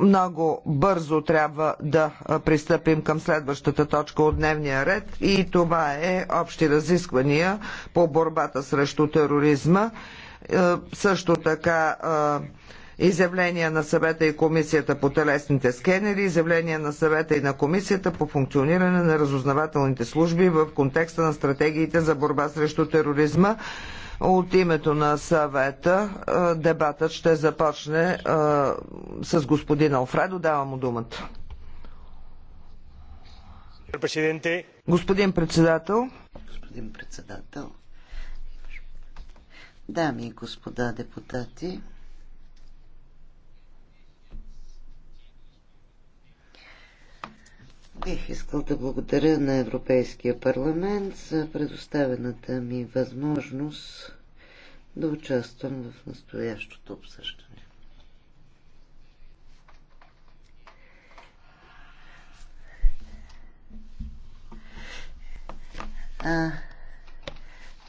много бързо трябва да пристъпим към следващата точка от дневния ред и това е общи разисквания по борбата срещу тероризма. Също така изявления на съвета и комисията по телесните скенери, изявления на съвета и на комисията по функциониране на разузнавателните служби в контекста на стратегиите за борба срещу тероризма. От името на съвета дебатът ще започне с господин Алфредо. Давам му думата. Господин председател. Господин председател. Дами и господа депутати, Бих искал да благодаря на Европейския парламент за предоставената ми възможност да участвам в настоящото обсъждане. А,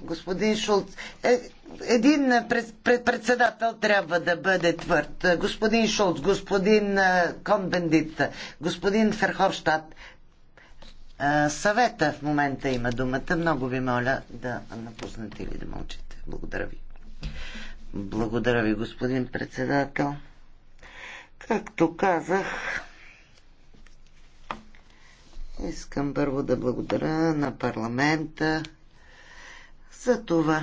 господин Шулц, е, един председател трябва да бъде твърд. Господин Шулц, господин Конбендит, господин Ферховщад, съвета в момента има думата. Много ви моля да напуснете или да мълчите. Благодаря ви. Благодаря ви, господин председател. Както казах, искам първо да благодаря на парламента за това,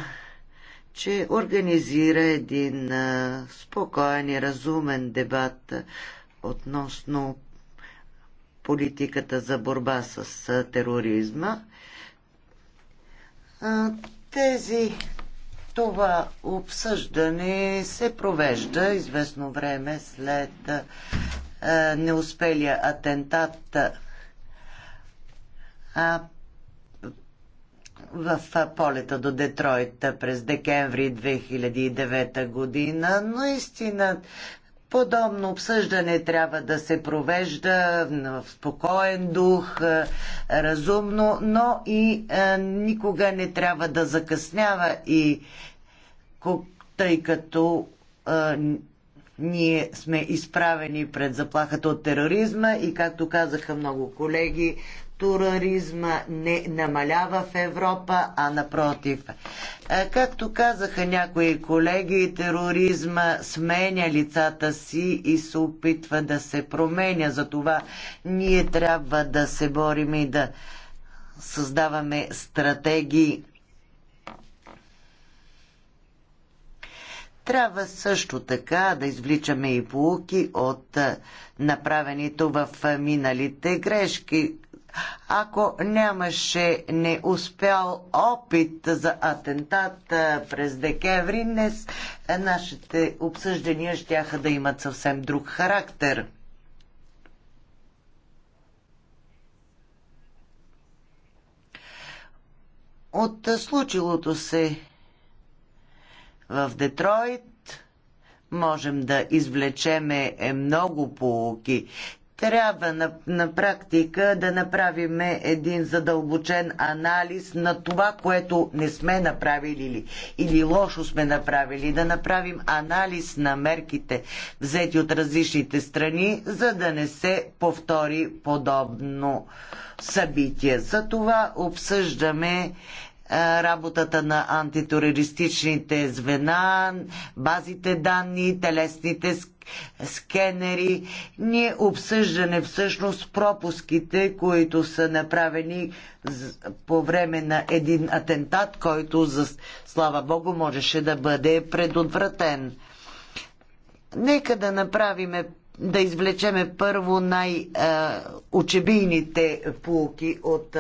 че организира един спокоен и разумен дебат относно политиката за борба с тероризма. Тези това обсъждане се провежда известно време след е, неуспелия атентат е, в полета до Детройт през декември 2009 година. Наистина Подобно обсъждане трябва да се провежда в спокоен дух, е, разумно, но и е, никога не трябва да закъснява и тъй като е, ние сме изправени пред заплахата от тероризма и, както казаха много колеги, туризма не намалява в Европа, а напротив. Е, както казаха някои колеги, тероризма сменя лицата си и се опитва да се променя. Затова ние трябва да се борим и да създаваме стратегии. Трябва също така да извличаме и полуки от е, направените в е, миналите грешки, ако нямаше неуспял опит за атентат през декември, днес нашите обсъждания ще да имат съвсем друг характер. От случилото се в Детройт можем да извлечеме много полуки трябва на, на практика да направим един задълбочен анализ на това, което не сме направили или, или лошо сме направили, да направим анализ на мерките, взети от различните страни, за да не се повтори подобно събитие. За това обсъждаме работата на антитерористичните звена, базите данни, телесните скенери. Ние обсъждане всъщност пропуските, които са направени по време на един атентат, който за слава Богу можеше да бъде предотвратен. Нека да направиме да извлечеме първо най-очебийните полки от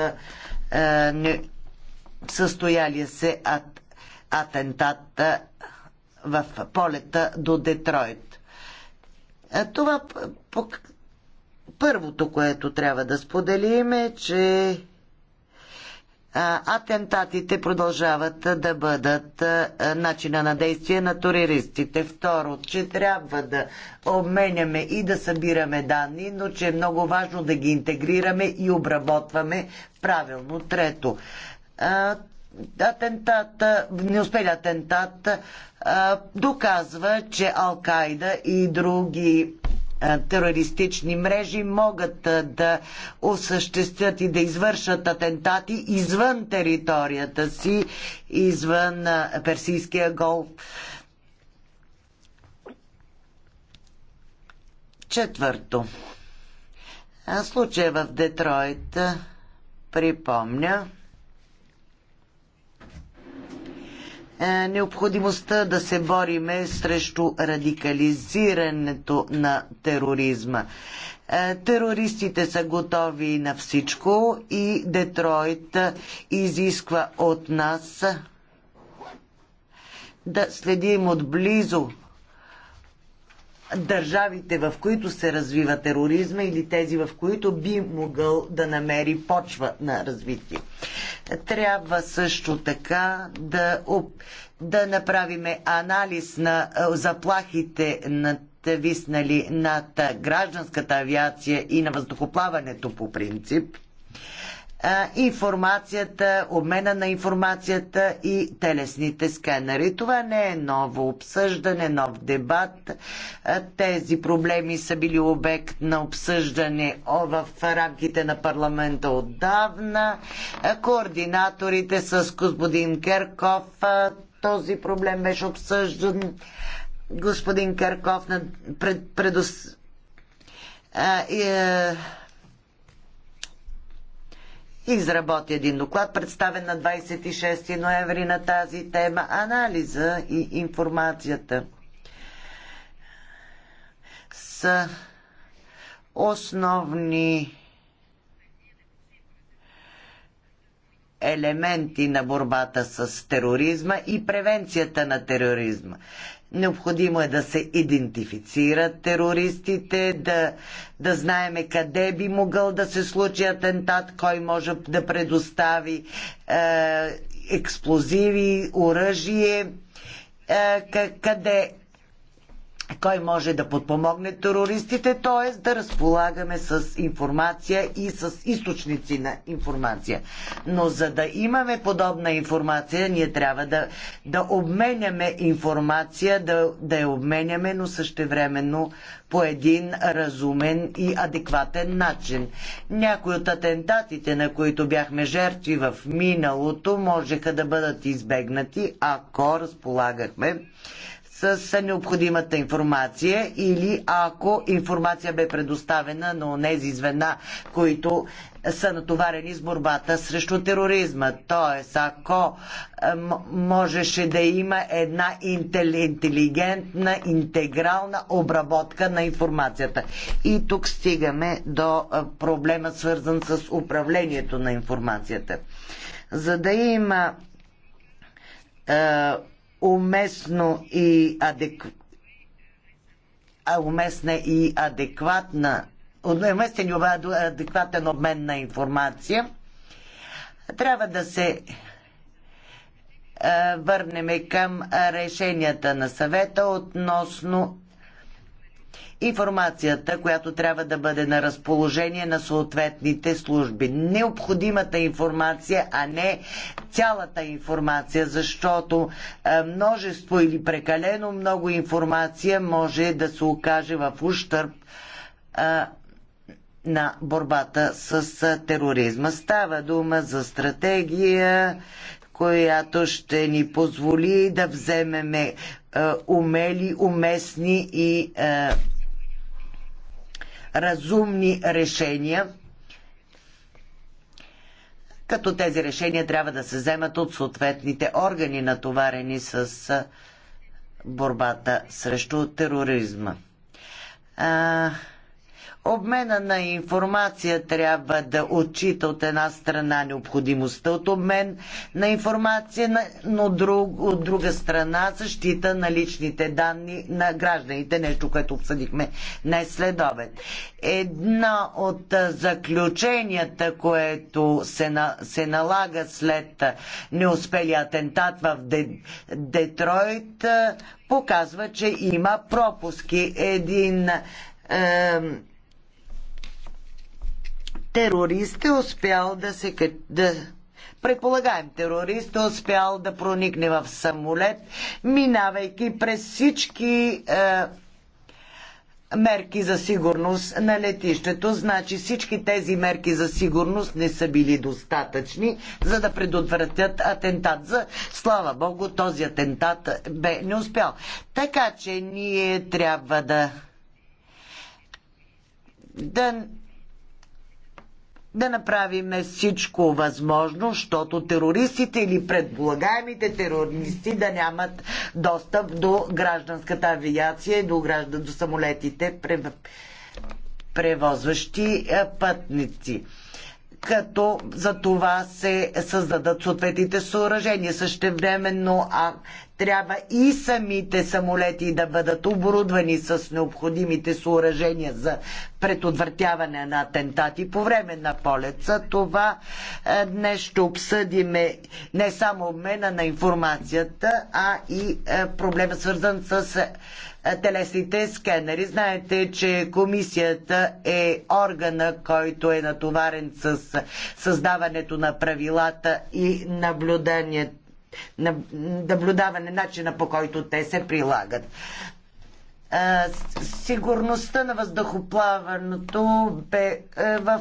състоялия се ат, атентат в полета до Детройт. Това първото, което трябва да споделим е, че атентатите продължават да бъдат начина на действие на туристите. Второ, че трябва да обменяме и да събираме данни, но че е много важно да ги интегрираме и обработваме правилно. Трето, атентат, неуспели атентат доказва, че Ал-Кайда и други терористични мрежи могат да осъществят и да извършат атентати извън територията си, извън Персийския голф. Четвърто. Случая в Детройт припомня, Е, необходимостта да се бориме срещу радикализирането на тероризма. Е, терористите са готови на всичко и Детройт изисква от нас да следим отблизо държавите, в които се развива тероризма или тези, в които би могъл да намери почва на развитие. Трябва също така да, да направиме анализ на заплахите на виснали над гражданската авиация и на въздухоплаването по принцип – информацията, обмена на информацията и телесните сканери. Това не е ново обсъждане, нов дебат. Тези проблеми са били обект на обсъждане в рамките на парламента отдавна. Координаторите с господин Керков този проблем беше обсъждан. Господин Керков пред, предос... А, е, изработи един доклад, представен на 26 ноември на тази тема анализа и информацията с основни елементи на борбата с тероризма и превенцията на тероризма. Необходимо е да се идентифицират терористите, да, да знаеме къде би могъл да се случи атентат, кой може да предостави е, експлозиви, оръжие, е, къде кой може да подпомогне терористите, т.е. да разполагаме с информация и с източници на информация. Но за да имаме подобна информация, ние трябва да, да обменяме информация, да, да я обменяме, но същевременно по един разумен и адекватен начин. Някои от атентатите, на които бяхме жертви в миналото, можеха да бъдат избегнати, ако разполагахме с необходимата информация или ако информация бе предоставена на онези звена, които са натоварени с борбата срещу тероризма. Тоест, ако е, можеше да има една интелигентна, интегрална обработка на информацията. И тук стигаме до е, проблема, свързан с управлението на информацията. За да има е, уместно и адек... а уместна и адекватна уместен и адекватен обмен на информация. Трябва да се върнеме към решенията на съвета относно информацията, която трябва да бъде на разположение на съответните служби. Необходимата информация, а не цялата информация, защото е, множество или прекалено много информация може да се окаже в ущърп е, на борбата с е, тероризма. Става дума за стратегия, която ще ни позволи да вземеме умели, уместни и разумни решения, като тези решения трябва да се вземат от съответните органи, натоварени с борбата срещу тероризма. А, Обмена на информация трябва да отчита от една страна необходимостта от обмен на информация, но друг, от друга страна защита на личните данни на гражданите, нещо, което обсъдихме днес след обед. Една от заключенията, което се, на, се налага след неуспелия атентат в Детройт, показва, че има пропуски. Един е, терорист е успял да се... Да, предполагаем терорист е успял да проникне в самолет, минавайки през всички е, мерки за сигурност на летището. Значи всички тези мерки за сигурност не са били достатъчни, за да предотвратят атентат. За слава Богу, този атентат бе не успял. Така че ние трябва да да да направим всичко възможно, защото терористите или предполагаемите терористи да нямат достъп до гражданската авиация и до, граждан, до самолетите, превозващи е, пътници като за това се създадат съответните съоръжения. Същевременно а трябва и самите самолети да бъдат оборудвани с необходимите съоръжения за предотвратяване на атентати по време на полет. това е, днес ще обсъдиме не само обмена на информацията, а и е, проблема свързан с е, телесните скенери. Знаете, че комисията е органа, който е натоварен с създаването на правилата и наблюдението наблюдаване начина по който те се прилагат. Сигурността на въздухоплаването бе е, в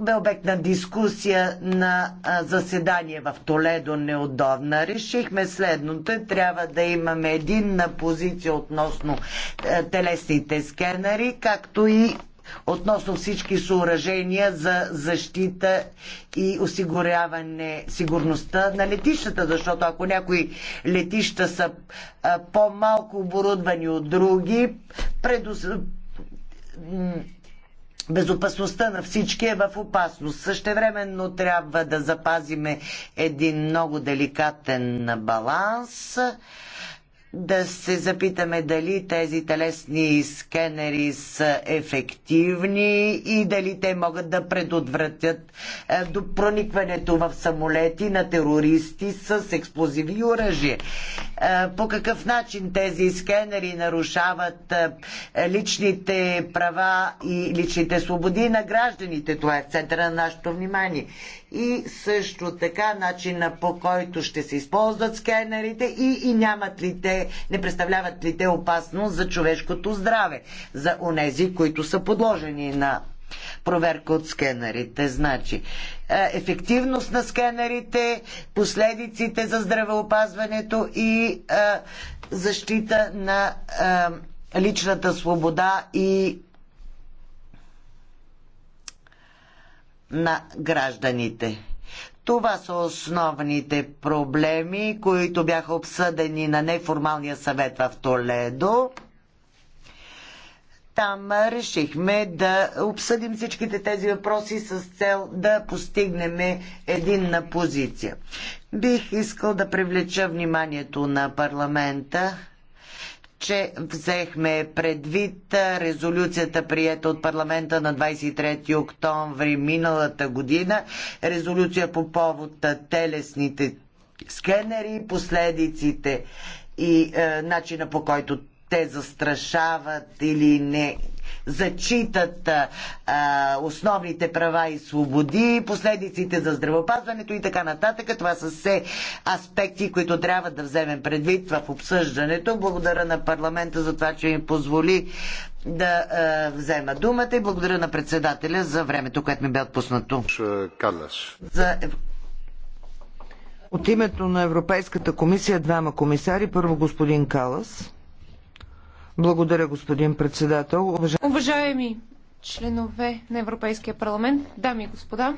бе обект на дискусия на заседание в Толедо неудобна. Решихме следното. Трябва да имаме единна позиция относно е, телесните скенери, както и относно всички съоръжения за защита и осигуряване сигурността на летищата, защото ако някои летища са по-малко оборудвани от други, предус... безопасността на всички е в опасност. Същевременно трябва да запазиме един много деликатен баланс да се запитаме дали тези телесни скенери са ефективни и дали те могат да предотвратят е, до проникването в самолети на терористи с експлозиви и оръжие. По какъв начин тези скенери нарушават е, личните права и личните свободи на гражданите? Това е в центъра на нашето внимание. И също така начина по който ще се използват скенерите и, и нямат ли те не представляват ли те опасност за човешкото здраве, за онези, които са подложени на проверка от скенерите. Значи, е, ефективност на скенерите, последиците за здравеопазването и е, защита на е, личната свобода и на гражданите. Това са основните проблеми, които бяха обсъдени на неформалния съвет в Толедо. Там решихме да обсъдим всичките тези въпроси с цел да постигнем единна позиция. Бих искал да привлеча вниманието на парламента че взехме предвид резолюцията, приета от парламента на 23 октомври миналата година, резолюция по повод телесните скенери, последиците и е, начина по който те застрашават или не зачитат а, основните права и свободи, последиците за здравеопазването и така нататък. Това са все аспекти, които трябва да вземем предвид в обсъждането. Благодаря на парламента за това, че ми позволи да а, взема думата и благодаря на председателя за времето, което ми бе отпуснато. За... От името на Европейската комисия двама комисари. Първо господин Калас. Благодаря, господин председател. Уважа... Уважаеми членове на Европейския парламент, дами и господа,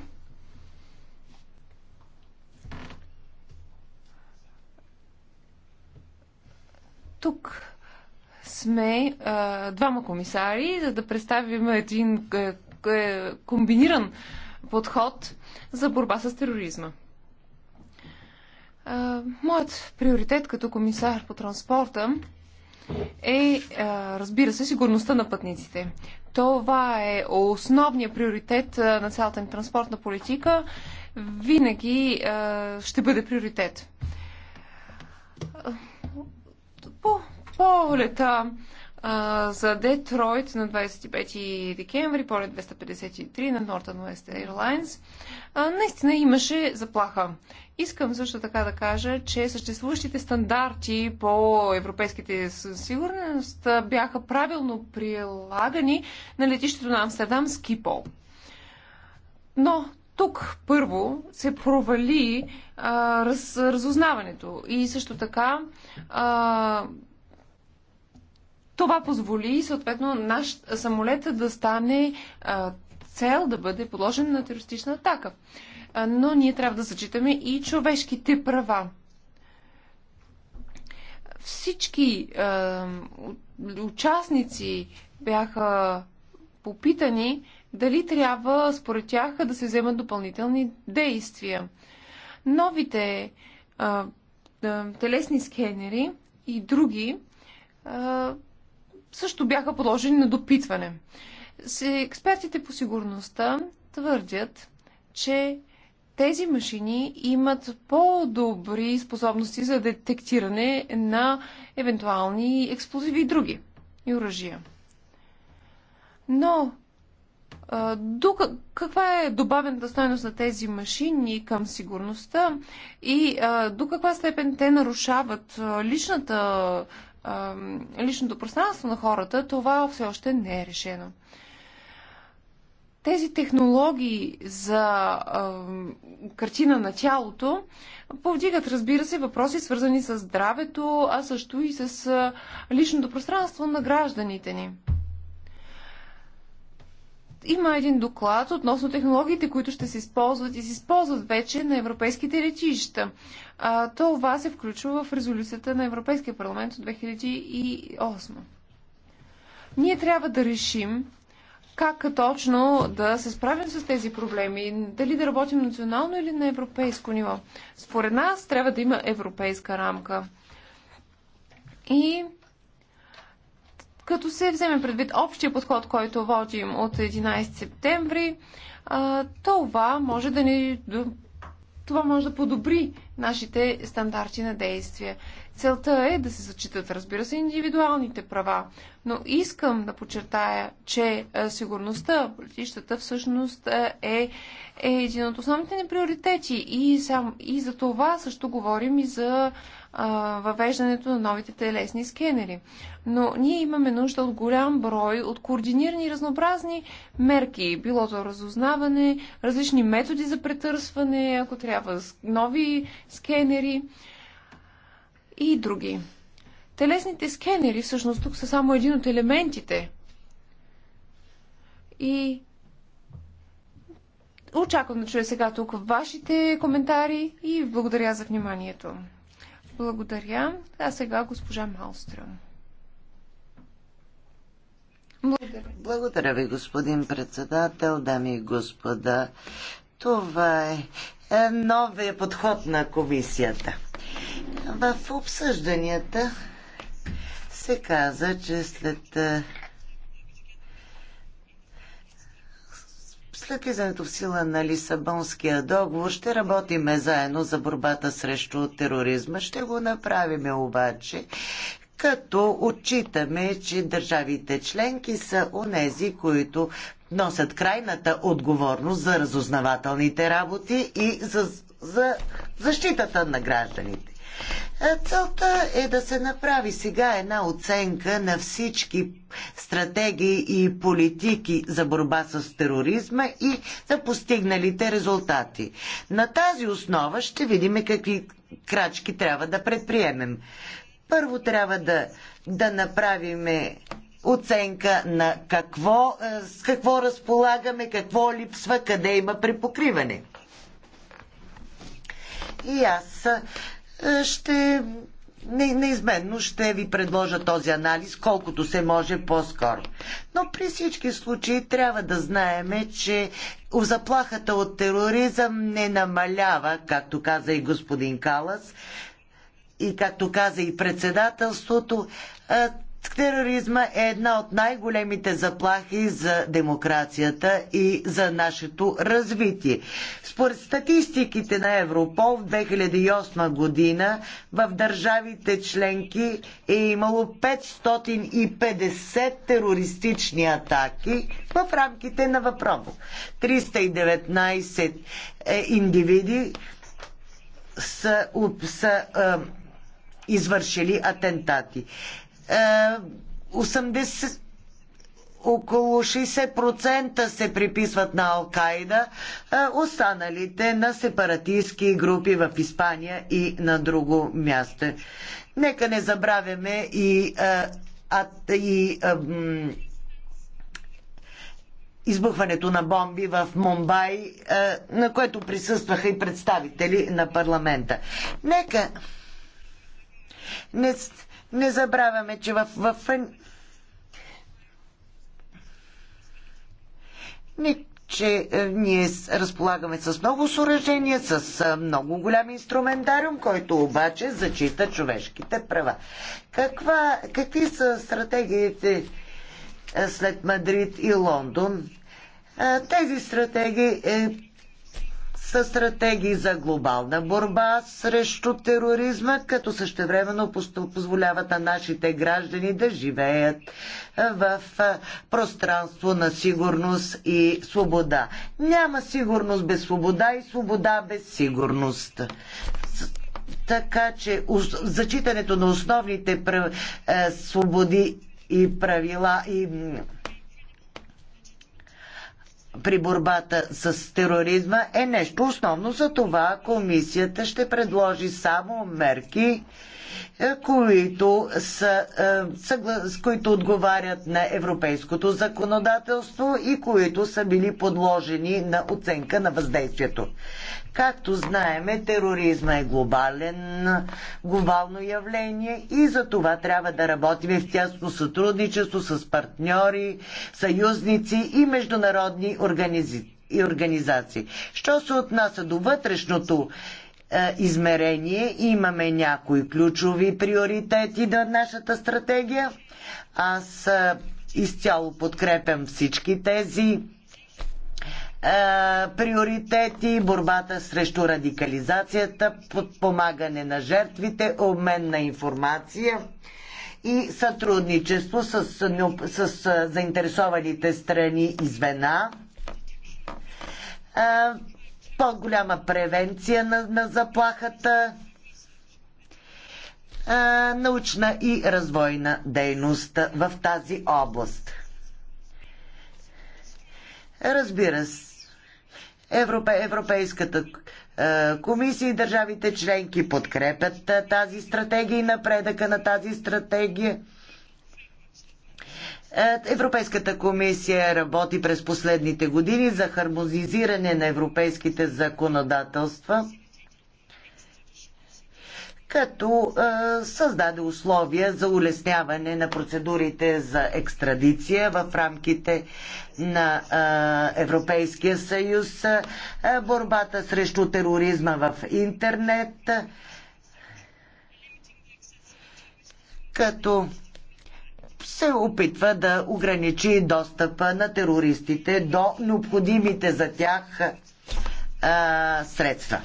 тук сме а, двама комисари, за да представим един а, а, комбиниран подход за борба с тероризма. А, моят приоритет като комисар по транспорта е, разбира се, сигурността на пътниците. Това е основният приоритет на цялата ни транспортна политика. Винаги ще бъде приоритет. По полета. По а, за Детройт на 25 декември, полет 253 на Northern West Airlines. А, наистина имаше заплаха. Искам също така да кажа, че съществуващите стандарти по европейските сигурност бяха правилно прилагани на летището на Амстердам Скипол. Но тук първо се провали а, раз, разузнаването и също така а, това позволи съответно наш самолет да стане а, цел, да бъде подложен на терористична атака. А, но ние трябва да зачитаме и човешките права. Всички а, участници бяха попитани дали трябва според тях да се вземат допълнителни действия. Новите а, телесни скенери и други а, също бяха подложени на допитване. Експертите по сигурността твърдят, че тези машини имат по-добри способности за детектиране на евентуални експлозиви и други и оръжия. Но каква е добавената стойност на тези машини към сигурността и до каква степен те нарушават личната личното пространство на хората, това все още не е решено. Тези технологии за а, картина на тялото повдигат, разбира се, въпроси свързани с здравето, а също и с а, личното пространство на гражданите ни има един доклад относно технологиите, които ще се използват и се използват вече на европейските летища. А, това се включва в резолюцията на Европейския парламент от 2008. Ние трябва да решим как точно да се справим с тези проблеми, дали да работим национално или на европейско ниво. Според нас трябва да има европейска рамка. И като се вземе предвид общия подход, който водим от 11 септември, това може да ни това може да подобри нашите стандарти на действие. Целта е да се зачитат, разбира се, индивидуалните права, но искам да подчертая, че сигурността, летищата всъщност е, е един от основните ни приоритети и, сам, и за това също говорим и за въвеждането на новите телесни скенери. Но ние имаме нужда от голям брой, от координирани разнообразни мерки, било то разузнаване, различни методи за претърсване, ако трябва нови скенери и други. Телесните скенери всъщност тук са само един от елементите. И очаквам да чуя сега тук вашите коментари и благодаря за вниманието. Благодаря. А сега госпожа Малстрам. Благодаря. Благодаря ви, господин председател, дами и господа. Това е, е новия подход на комисията. В обсъжданията се каза, че след е, След влизането в сила на Лисабонския договор ще работиме заедно за борбата срещу тероризма. Ще го направим обаче като отчитаме, че държавите членки са онези, които носят крайната отговорност за разузнавателните работи и за, за защитата на гражданите. Целта е да се направи сега една оценка на всички стратегии и политики за борба с тероризма и за постигналите резултати. На тази основа ще видим какви крачки трябва да предприемем. Първо трябва да, да направим оценка на какво, е, с какво разполагаме, какво липсва, къде има припокриване. И аз е, ще неизменно ще ви предложа този анализ колкото се може по-скоро. Но при всички случаи трябва да знаеме, че заплахата от тероризъм не намалява, както каза и господин Калас, и както каза и председателството, е, Тероризма е една от най-големите заплахи за демокрацията и за нашето развитие. Според статистиките на Европол в 2008 година в държавите членки е имало 550 терористични атаки в рамките на въпроса. 319 е, индивиди са, са е, извършили атентати. 80 е, около 60% се приписват на Алкайда, останалите на сепаратистски групи в Испания и на друго място. Нека не забравяме и, а, и а, избухването на бомби в Мумбай, на което присъстваха и представители на парламента. Нека не, не забравяме, че в, в... Не, че е, ние разполагаме с много съоръжения, с е, много голям инструментариум, който обаче зачита човешките права. Каква, какви са стратегиите е, след Мадрид и Лондон? Тези стратегии са стратегии за глобална борба срещу тероризма, като същевременно позволяват на нашите граждани да живеят в пространство на сигурност и свобода. Няма сигурност без свобода и свобода без сигурност. Така че зачитането на основните свободи и правила и при борбата с тероризма е нещо основно. За това комисията ще предложи само мерки, е, които са, е, с които отговарят на европейското законодателство и които са били подложени на оценка на въздействието. Както знаеме, тероризма е глобален, глобално явление и за това трябва да работим в тясно сътрудничество с партньори, съюзници и международни и организации. Що се отнася до вътрешното е, измерение. Имаме някои ключови приоритети на нашата стратегия. Аз е, изцяло подкрепям всички тези е, приоритети, борбата срещу радикализацията, подпомагане на жертвите, обмен на информация и сътрудничество с, с, заинтересованите страни и звена по-голяма превенция на, на заплахата, а, научна и развойна дейност в тази област. Разбира се, Европе, Европейската комисия и държавите членки подкрепят тази стратегия и напредъка на тази стратегия. Е, Европейската комисия работи през последните години за хармонизиране на европейските законодателства, като е, създаде условия за улесняване на процедурите за екстрадиция в рамките на е, Европейския съюз, борбата срещу тероризма в интернет, като се опитва да ограничи достъпа на терористите до необходимите за тях а, средства.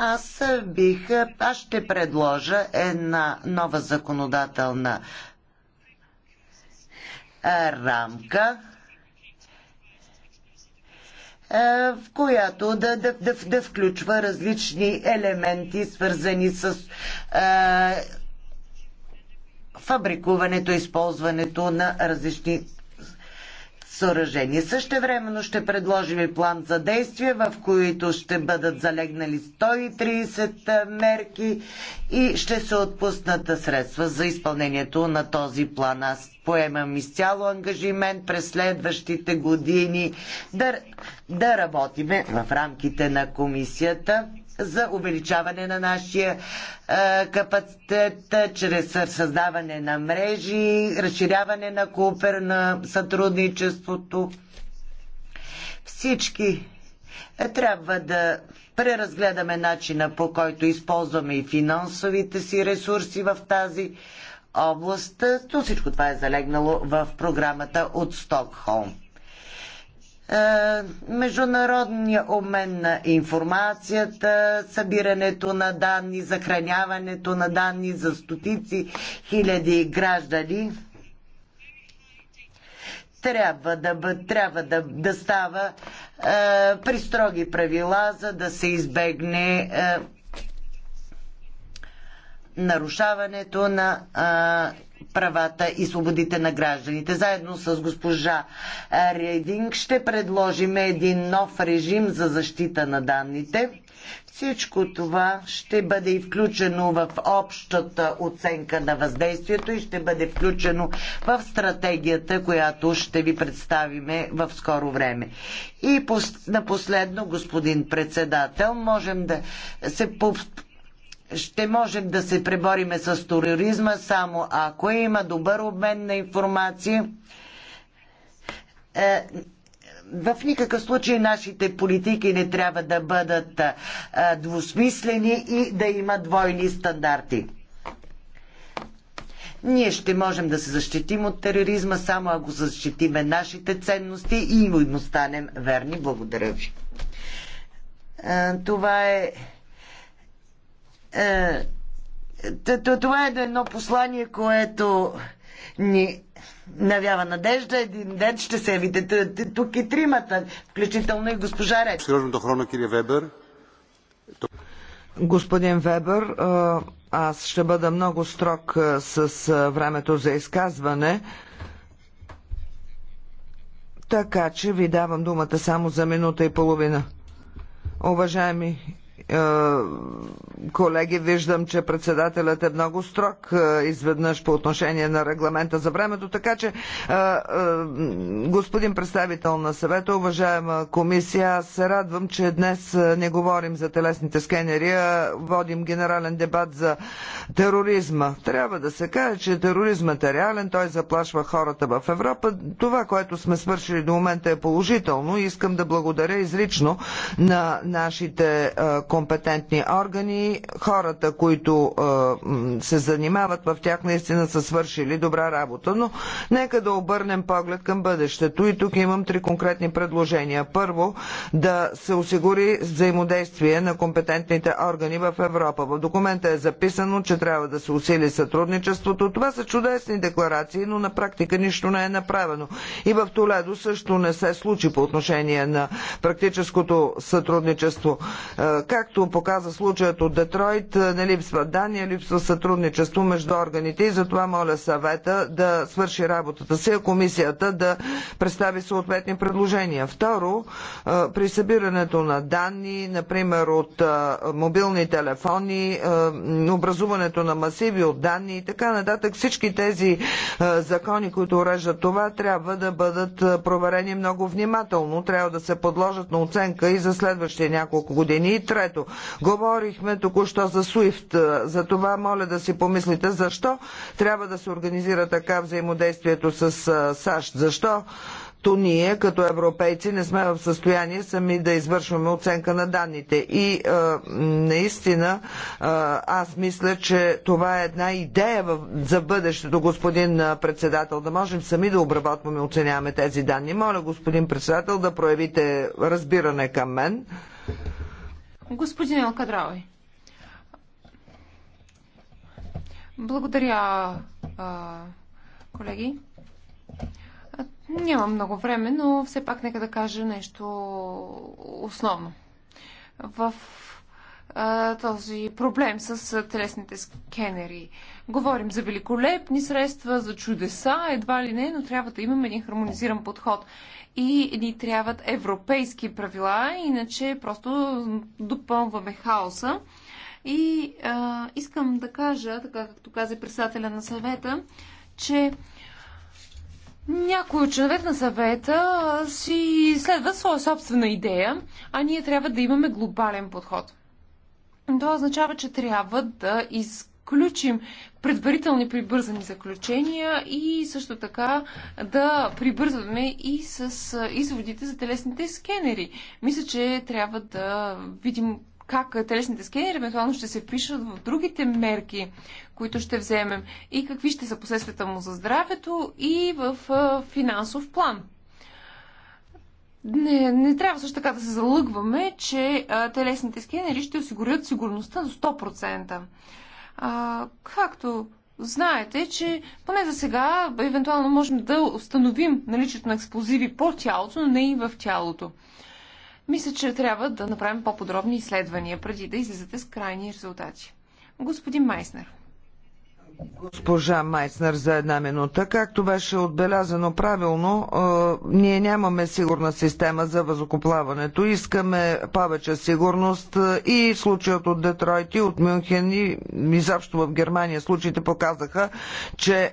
Аз бих, аз ще предложа една нова законодателна рамка, е, в която да, да, да, да включва различни елементи, свързани с а, е, фабрикуването, използването на различни Също времено ще предложим и план за действие, в които ще бъдат залегнали 130 е, мерки и ще се отпуснат средства за изпълнението на този план. Аз поемам изцяло ангажимент през следващите години да да работиме в рамките на комисията за увеличаване на нашия е, капацитет чрез създаване на мрежи, разширяване на купер на сътрудничеството. Всички е, трябва да преразгледаме начина по който използваме и финансовите си ресурси в тази област. Е, то всичко това е залегнало в програмата от Стокхолм. Е, международния обмен на информацията, събирането на данни, захраняването на данни за стотици хиляди граждани трябва да, трябва да, да става е, при строги правила, за да се избегне е, нарушаването на е, правата и свободите на гражданите. Заедно с госпожа Рединг ще предложим един нов режим за защита на данните. Всичко това ще бъде и включено в общата оценка на въздействието и ще бъде включено в стратегията, която ще ви представиме в скоро време. И пос... на последно, господин председател, можем да се ще можем да се пребориме с тероризма само ако има добър обмен на информация. Е, в никакъв случай нашите политики не трябва да бъдат е, двусмислени и да има двойни стандарти. Ние ще можем да се защитим от тероризма само ако защитиме нашите ценности и им останем верни. Благодаря ви. Е, това е е, това е едно послание, което ни навява надежда. Един ден ще се видите тук и тримата, включително и госпожа Ред. Сериозното хрона, Кирия Вебер. Господин Вебер, е, аз ще бъда много строг е, с времето за изказване. Така че ви давам думата само за минута и половина. Уважаеми е, колеги, виждам, че председателят е много строг е, изведнъж по отношение на регламента за времето, така че е, господин представител на съвета, уважаема комисия, аз се радвам, че днес не говорим за телесните скенери, а водим генерален дебат за тероризма. Трябва да се каже, че тероризмът е реален, той заплашва хората в Европа. Това, което сме свършили до момента е положително и искам да благодаря изрично на нашите колеги компетентни органи. Хората, които се занимават в тях, наистина са свършили добра работа. Но нека да обърнем поглед към бъдещето. И тук имам три конкретни предложения. Първо, да се осигури взаимодействие на компетентните органи в Европа. В документа е записано, че трябва да се усили сътрудничеството. Това са чудесни декларации, но на практика нищо не е направено. И в Толедо също не се случи по отношение на практическото сътрудничество. Как Както показа случаят от Детройт, е, не липсва данни, липсва сътрудничество между органите и затова моля съвета да свърши работата си, а комисията да представи съответни предложения. Второ, е, при събирането на данни, например от е, мобилни телефони, образуването на масиви от данни и така нататък, всички тези закони, които уреждат това, трябва да бъдат проверени много внимателно. Трябва да се подложат на оценка и за следващите няколко години. И трето, Трето, говорихме току-що за SWIFT. За това моля да си помислите защо трябва да се организира така взаимодействието с САЩ. Защо? то ние като европейци не сме в състояние сами да извършваме оценка на данните. И а, наистина а, аз мисля, че това е една идея в, за бъдещето, господин председател, да можем сами да обработваме, оценяваме тези данни. Моля, господин председател, да проявите разбиране към мен. Господин Алкадрави, благодаря, колеги. Няма много време, но все пак нека да кажа нещо основно. В този проблем с телесните скенери. Говорим за великолепни средства, за чудеса, едва ли не, но трябва да имаме един хармонизиран подход. И ни трябват европейски правила, иначе просто допълваме хаоса. И а, искам да кажа, така както каза председателя на съвета, че някои от членовете на съвета си следват своя собствена идея, а ние трябва да имаме глобален подход това означава, че трябва да изключим предварителни прибързани заключения и също така да прибързваме и с изводите за телесните скенери. Мисля, че трябва да видим как телесните скенери евентуално ще се пишат в другите мерки, които ще вземем и какви ще са последствията му за здравето и в финансов план. Не, не трябва също така да се залъгваме, че а, телесните скенери ще осигурят сигурността до 100%. А, както знаете, че поне за сега евентуално можем да установим наличието на експлозиви по тялото, но не и в тялото. Мисля, че трябва да направим по-подробни изследвания преди да излизате с крайни резултати. Господин Майснер. Госпожа Майснер за една минута. Както беше отбелязано правилно, е, ние нямаме сигурна система за възокоплаването. Искаме повече сигурност е, и случаят от Детройт и от Мюнхен и изобщо в Германия случаите показаха, че е,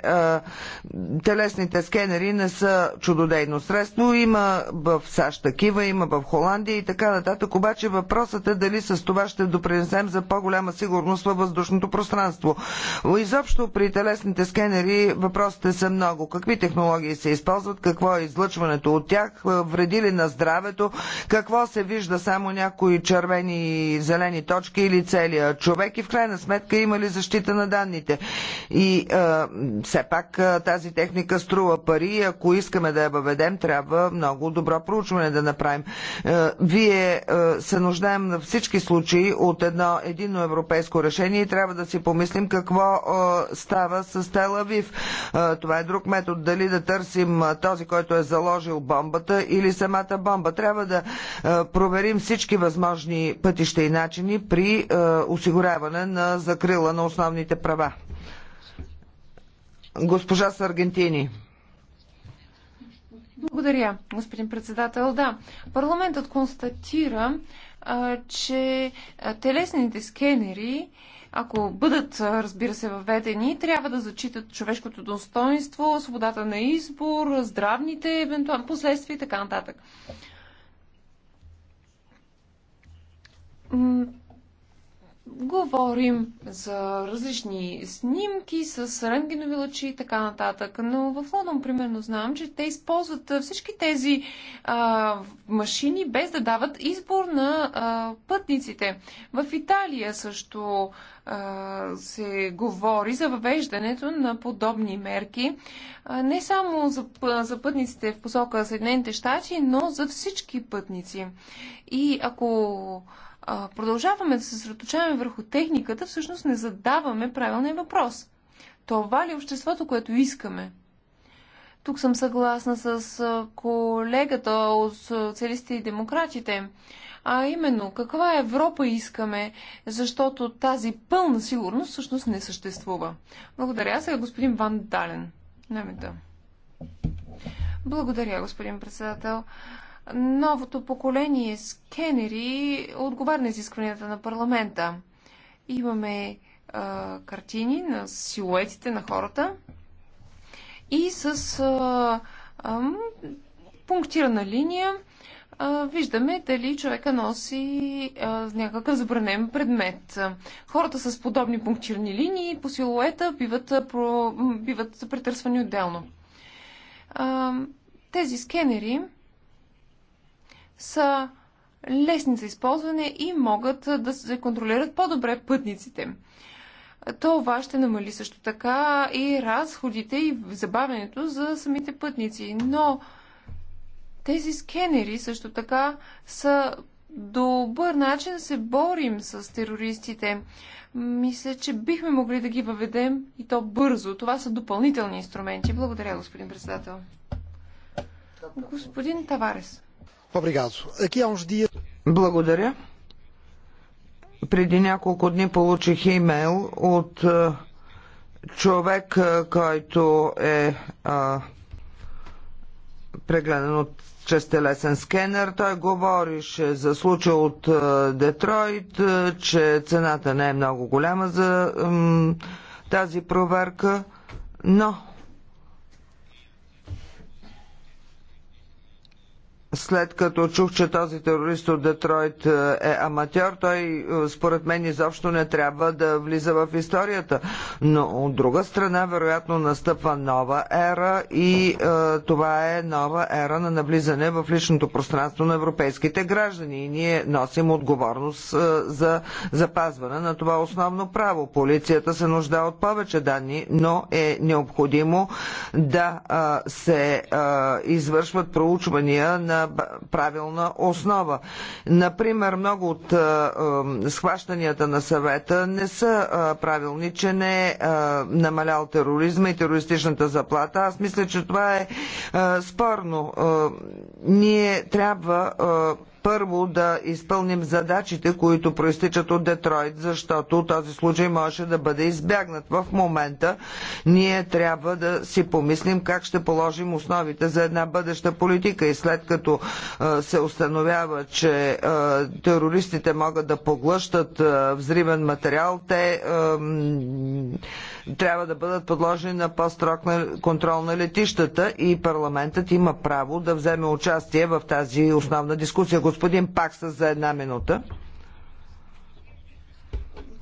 телесните скенери не са чудодейно средство. Има в САЩ такива, има в Холандия и така нататък. Обаче въпросът е дали с това ще допринесем за по-голяма сигурност във въздушното пространство. Изобщо Общо при телесните скенери въпросите са много. Какви технологии се използват, какво е излъчването от тях, вреди ли на здравето, какво се вижда само някои червени и зелени точки или целия човек и в крайна сметка има ли защита на данните. И е, все пак е, тази техника струва пари и ако искаме да я въведем, трябва много добро проучване да направим. Е, вие е, се нуждаем на всички случаи от едно единно европейско решение и трябва да си помислим какво е, става с Телавив. Това е друг метод. Дали да търсим този, който е заложил бомбата или самата бомба. Трябва да проверим всички възможни пътища и начини при осигуряване на закрила на основните права. Госпожа Саргентини. Благодаря, господин председател. Да, парламентът констатира, че телесните скенери ако бъдат, разбира се, въведени, трябва да зачитат човешкото достоинство, свободата на избор, здравните евентуални последствия и така нататък говорим за различни снимки с рентгенови лъчи и така нататък. Но в Лондон, примерно, знам, че те използват всички тези а, машини без да дават избор на а, пътниците. В Италия също а, се говори за въвеждането на подобни мерки. А, не само за, за пътниците в посока Съединените щати, но за всички пътници. И ако а, продължаваме да се съсредоточаваме върху техниката, всъщност не задаваме правилния въпрос. Това ли е обществото, което искаме? Тук съм съгласна с колегата от социалистите и демократите. А именно, каква Европа искаме, защото тази пълна сигурност всъщност не съществува. Благодаря. Сега господин Ван Дален. Намета. Благодаря, господин председател новото поколение скенери отговаря на изискванията на парламента. Имаме а, картини на силуетите на хората и с а, а, пунктирана линия а, виждаме дали човека носи а, някакъв забранен предмет. Хората с подобни пунктирани линии по силуета биват, про, биват претърсвани отделно. А, тези скенери са лесни за използване и могат да се контролират по-добре пътниците. Това ще намали също така и разходите и забавянето за самите пътници. Но тези скенери също така са добър начин да се борим с терористите. Мисля, че бихме могли да ги въведем и то бързо. Това са допълнителни инструменти. Благодаря, господин председател. Господин Таварес. Благодаря. Преди няколко дни получих имейл от човек, който е а, прегледан от чрез телесен скенер. Той говорише за случай от а, Детройт, а, че цената не е много голяма за а, тази проверка, но след като чух, че този терорист от Детройт е, е аматьор, той е, според мен изобщо не трябва да влиза в историята. Но от друга страна, вероятно настъпва нова ера и е, това е нова ера на навлизане в личното пространство на европейските граждани. И ние носим отговорност е, за запазване на това основно право. Полицията се нужда от повече данни, но е необходимо да е, се е, извършват проучвания на на правилна основа. Например, много от схващанията на съвета не са правилни, че не е намалял тероризма и терористичната заплата. Аз мисля, че това е спорно. Ние трябва първо да изпълним задачите, които проистичат от Детройт, защото този случай може да бъде избягнат. В момента ние трябва да си помислим как ще положим основите за една бъдеща политика и след като се установява, че терористите могат да поглъщат взривен материал, те трябва да бъдат подложени на по-строг контрол на летищата и парламентът има право да вземе участие в тази основна дискусия. Господин Пакса за една минута.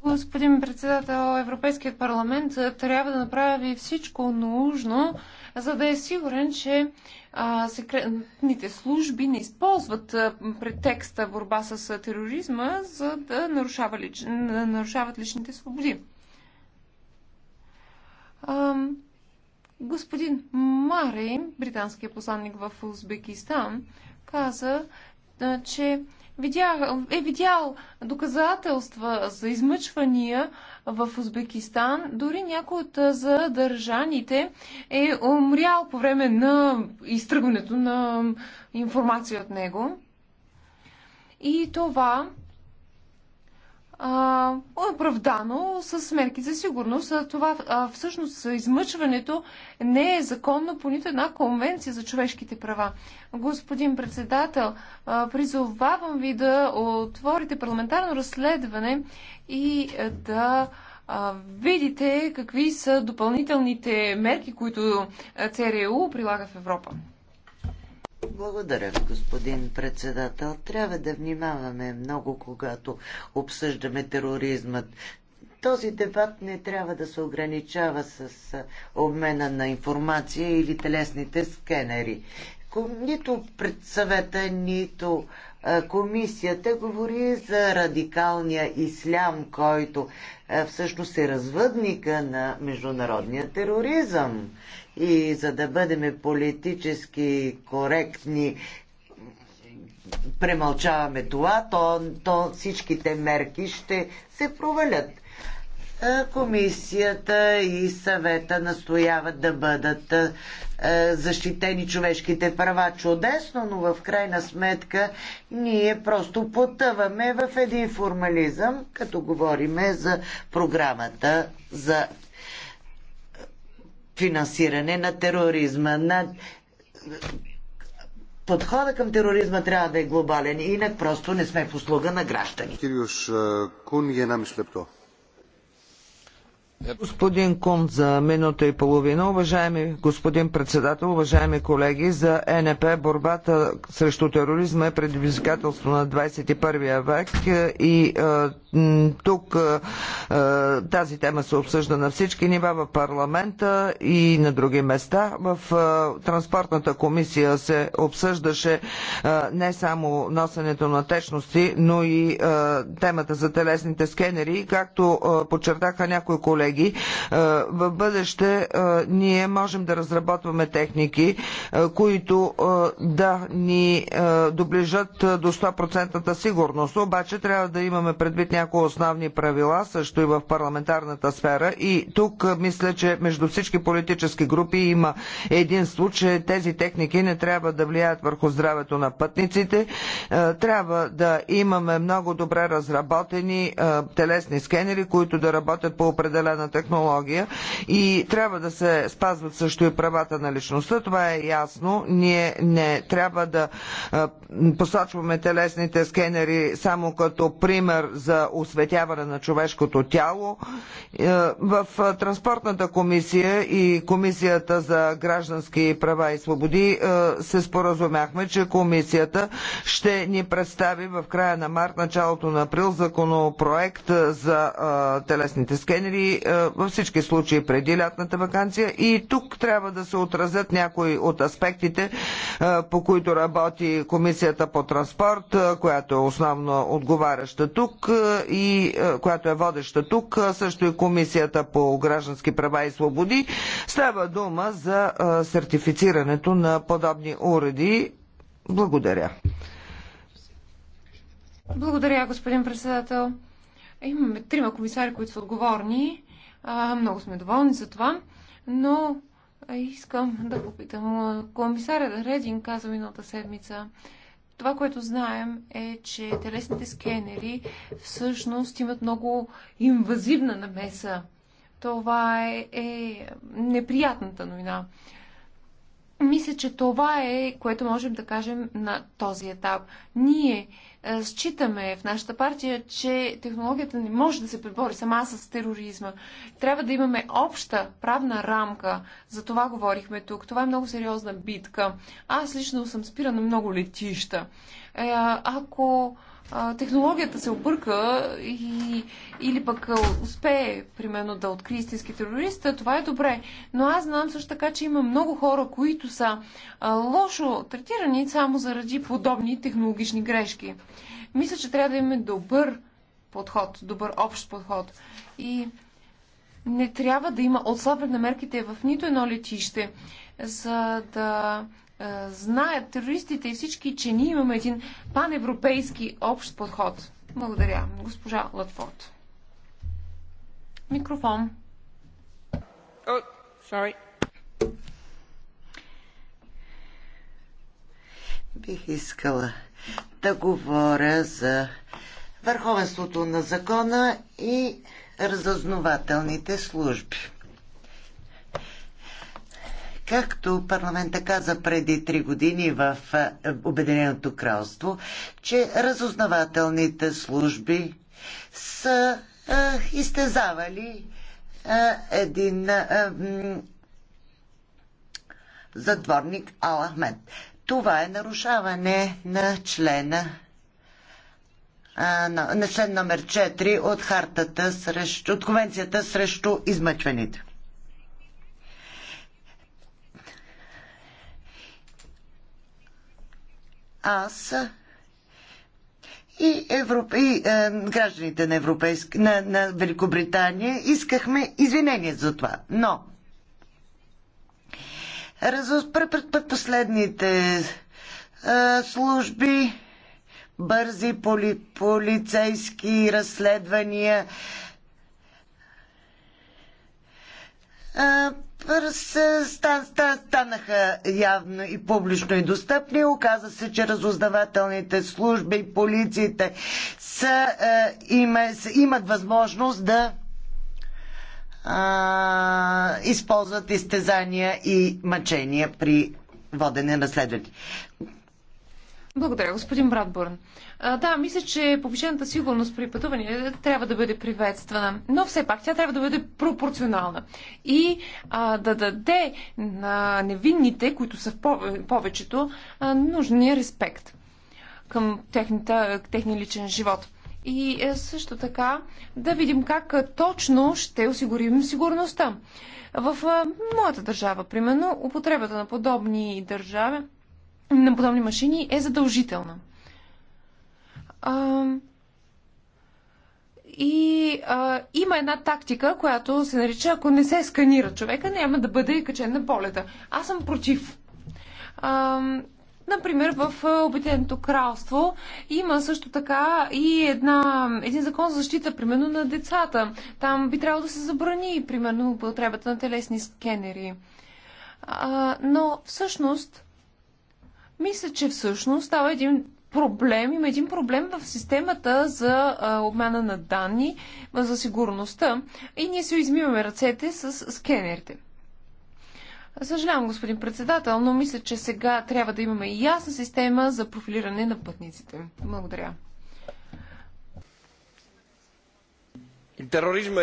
Господин председател, Европейският парламент трябва да направи всичко нужно, за да е сигурен, че а, секретните служби не използват а, претекста борба с тероризма, за да, нарушава лич... да нарушават личните свободи господин Мари, британският посланник в Узбекистан, каза, че е видял доказателства за измъчвания в Узбекистан. Дори някой от задържаните е умрял по време на изтръгването на информация от него. И това а, оправдано с мерки за сигурност. това а, всъщност измъчването не е законно по нито една конвенция за човешките права. Господин председател, а, призовавам ви да отворите парламентарно разследване и да а, видите какви са допълнителните мерки, които ЦРУ е прилага в Европа. Благодаря, господин председател. Трябва да внимаваме много, когато обсъждаме тероризмът. Този дебат не трябва да се ограничава с обмена на информация или телесните скенери. Нито пред съвета, нито комисията говори за радикалния ислям, който всъщност е развъдника на международния тероризъм и за да бъдем политически коректни премълчаваме това, то, то всичките мерки ще се провалят. Комисията и съвета настояват да бъдат защитени човешките права чудесно, но в крайна сметка ние просто потъваме в един формализъм, като говориме за програмата за финансиране на тероризма, на подхода към тероризма трябва да е глобален, инак просто не сме послуга на граждани. Кириош Кун, една мислепто. Господин Кун за минута и половина. Уважаеми господин председател, уважаеми колеги, за НП борбата срещу тероризма е предизвикателство на 21 век и е, тук е, е, тази тема се обсъжда на всички нива в парламента и на други места. В транспортната комисия се обсъждаше не само носенето на течности, но и темата за телесните скенери, както подчертаха някои колеги колеги, е, в бъдеще е, ние можем да разработваме техники, е, които да ни доближат до 100% сигурност. Обаче трябва да имаме предвид някои основни правила, също и в парламентарната сфера. И тук мисля, че между всички политически групи има един че тези техники не трябва да влияят върху здравето на пътниците. Трябва да имаме много добре разработени телесни скенери, които да работят по определена информационна технология и трябва да се спазват също и правата на личността. Това е ясно. Ние не трябва да посочваме телесните скенери само като пример за осветяване на човешкото тяло. В Транспортната комисия и Комисията за граждански права и свободи се споразумяхме, че комисията ще ни представи в края на март, началото на април законопроект за телесните скенери. Е, във всички случаи преди лятната вакансия. И тук трябва да се отразят някои от аспектите, е, по които работи Комисията по транспорт, е, която е основно отговаряща тук и която е водеща тук, също и Комисията по граждански права и свободи. Става дума за сертифицирането на подобни уреди. Благодаря. Благодаря, господин председател. Имаме трима комисари, които са отговорни а, много сме доволни за това, но искам да попитам. Комисарят Редин каза миналата седмица, това, което знаем е, че телесните скенери всъщност имат много инвазивна намеса. Това е, е неприятната новина. Мисля, че това е, което можем да кажем на този етап. Ние е, считаме в нашата партия, че технологията не може да се прибори сама с тероризма. Трябва да имаме обща правна рамка. За това говорихме тук. Това е много сериозна битка. Аз лично съм спирана много летища. Е, ако технологията се обърка и, или пък успее, примерно, да открие истински терорист, това е добре. Но аз знам също така, че има много хора, които са а, лошо третирани само заради подобни технологични грешки. Мисля, че трябва да имаме добър подход, добър общ подход. И не трябва да има отслабване на мерките в нито едно летище, за да е, знаят терористите и всички, че ние имаме един паневропейски общ подход. Благодаря. Госпожа Латфорд. Микрофон. Oh, sorry. Бих искала да говоря за върховенството на закона и разъзнавателните служби. Както парламента каза преди три години в е, Обединеното кралство, че разузнавателните служби са е, изтезавали е, един е, затворник Алахмед. Това е нарушаване на члена на член номер 4 от хартата срещу, от конвенцията срещу измъчваните. аз и, европей, е, гражданите на, на, на Великобритания искахме извинение за това. Но Раз... предпоследните е, служби, бързи поли... полицейски разследвания, е, станаха явно и публично и достъпни. Оказа се, че разузнавателните служби и полициите са, е, има, са, имат възможност да а, използват изтезания и мъчения при водене на следване. Благодаря, господин Братборн. А, да, мисля, че повишената сигурност при пътуване трябва да бъде приветствана, но все пак тя трябва да бъде пропорционална и а, да даде на невинните, които са в повечето, а, нужния респект към техните, техния личен живот. И е, също така да видим как точно ще осигурим сигурността. В моята държава, примерно, употребата на подобни държави, на подобни машини е задължителна. А, и а, има една тактика, която се нарича, ако не се сканира човека, няма да бъде качен на полета. Аз съм против. А, Например, в Обединеното кралство има също така и една, един закон за защита, примерно, на децата. Там би трябвало да се забрани, примерно, употребата на телесни скенери. А, но всъщност, мисля, че всъщност става един проблем, има един проблем в системата за обмяна на данни, за сигурността и ние се измиваме ръцете с скенерите. Съжалявам, господин председател, но мисля, че сега трябва да имаме и ясна система за профилиране на пътниците. Благодаря. Тероризма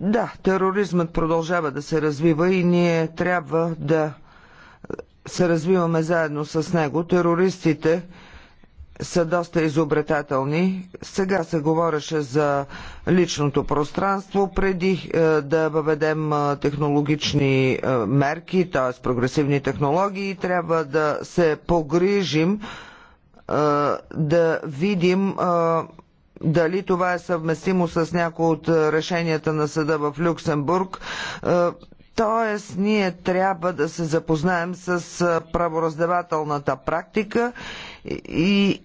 Да, тероризмът продължава да се развива и ние трябва да се развиваме заедно с него. Терористите са доста изобретателни. Сега се говореше за личното пространство, преди е, да въведем е, технологични е, мерки, т.е. прогресивни технологии, трябва да се погрижим е, да видим е, дали това е съвместимо с някои от решенията на съда в Люксембург. Е, Тоест, ние трябва да се запознаем с правораздавателната практика и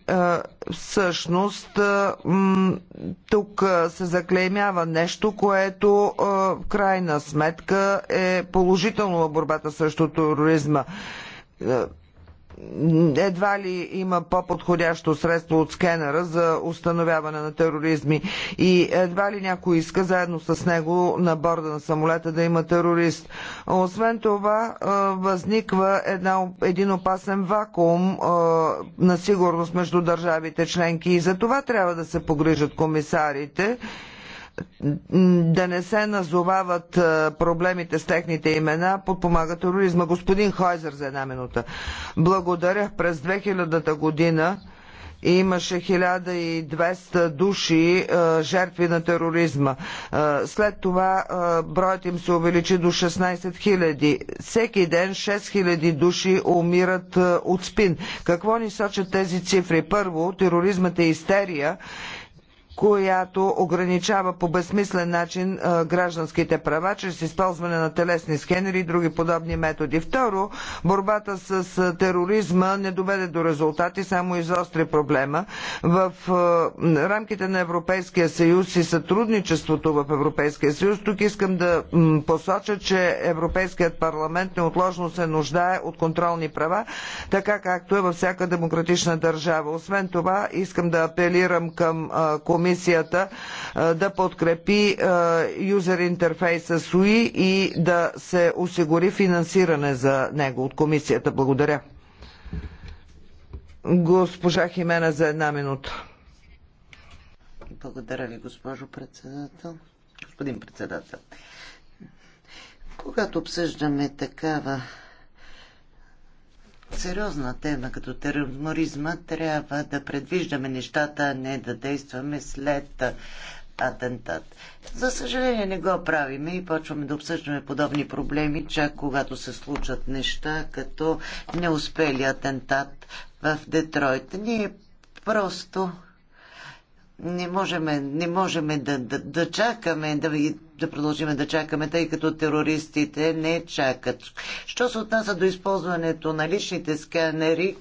всъщност тук се заклеймява нещо, което в крайна сметка е положително в борбата срещу тероризма едва ли има по-подходящо средство от скенера за установяване на тероризми и едва ли някой иска заедно с него на борда на самолета да има терорист. Освен това възниква една, един опасен вакуум на сигурност между държавите членки и за това трябва да се погрижат комисарите да не се назовават е, проблемите с техните имена, подпомага тероризма. Господин Хойзер за една минута. Благодаря. През 2000-та година имаше 1200 души е, жертви на тероризма. Е, след това броят им се увеличи до 16 000. Всеки ден 6 000 души умират от спин. Какво ни сочат тези цифри? Първо, тероризмът е истерия която ограничава по безсмислен начин гражданските права чрез използване на телесни скенери и други подобни методи. Второ, борбата с тероризма не доведе до резултати, само изостри проблема. В рамките на Европейския съюз и сътрудничеството в Европейския съюз, тук искам да посоча, че Европейският парламент неотложно се нуждае от контролни права, така както е във всяка демократична държава. Освен това, искам да апелирам към комисията комисията да подкрепи юзер интерфейса SUI и да се осигури финансиране за него от комисията. Благодаря. Госпожа Химена за една минута. Благодаря ви, госпожо председател. Господин председател, когато обсъждаме такава сериозна тема като тероризма трябва да предвиждаме нещата, а не да действаме след атентат. За съжаление не го правиме и почваме да обсъждаме подобни проблеми, чак когато се случат неща, като неуспели атентат в Детройт. Ние просто не можем, не можем да, да, да чакаме да, да продължим да чакаме, тъй като терористите не чакат. Що се отнася до използването на личните сканери,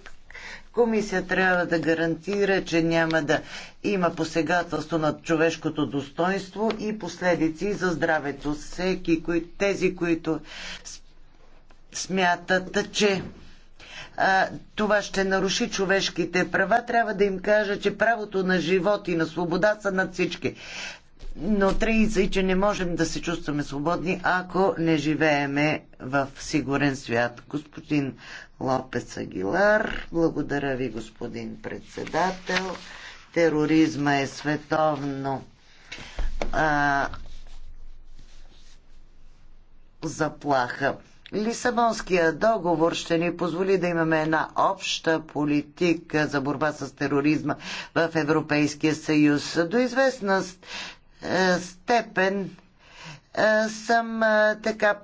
Комисия трябва да гарантира, че няма да има посегателство над човешкото достоинство и последици за здравето. Всеки, кои, тези, които смятат, че а, това ще наруши човешките права, трябва да им кажа, че правото на живот и на свобода са над всички но трябва и че не можем да се чувстваме свободни, ако не живееме в сигурен свят. Господин Лопес Агилар, благодаря ви, господин председател. Тероризма е световно а, заплаха. Лисабонския договор ще ни позволи да имаме една обща политика за борба с тероризма в Европейския съюз. До известна е, степен е, съм е, така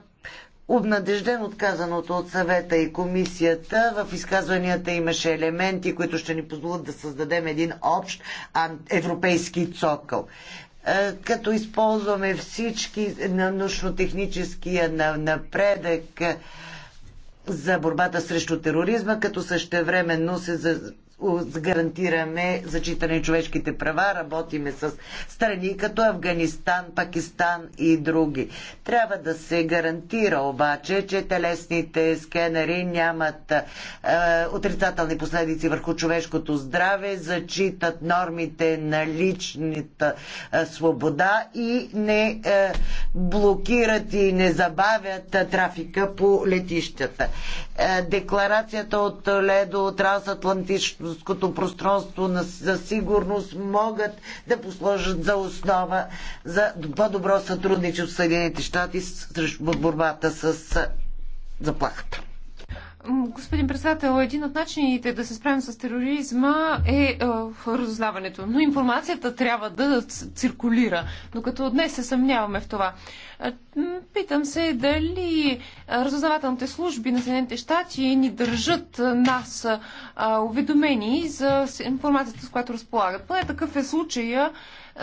обнадежден от казаното от съвета и комисията. В изказванията имаше елементи, които ще ни позволят да създадем един общ европейски цокъл. Като използваме всички научно-техническия напредък за борбата срещу тероризма, като същевременно се гарантираме зачитане на човешките права. Работиме с страни като Афганистан, Пакистан и други. Трябва да се гарантира обаче, че телесните скенери нямат е, отрицателни последици върху човешкото здраве, зачитат нормите на личната е, свобода и не е, блокират и не забавят е, трафика по летищата. Е, декларацията от Ледо, трансатлантично шенгенското пространство на, за сигурност могат да послужат за основа за по-добро сътрудничество в Съединените щати в борбата с заплахата господин председател, един от начините да се справим с тероризма е, е разузнаването. Но информацията трябва да циркулира, докато днес се съмняваме в това. Е, питам се дали разузнавателните служби на Съединените щати ни държат нас е, уведомени за информацията, с която разполагат. Поне такъв е случая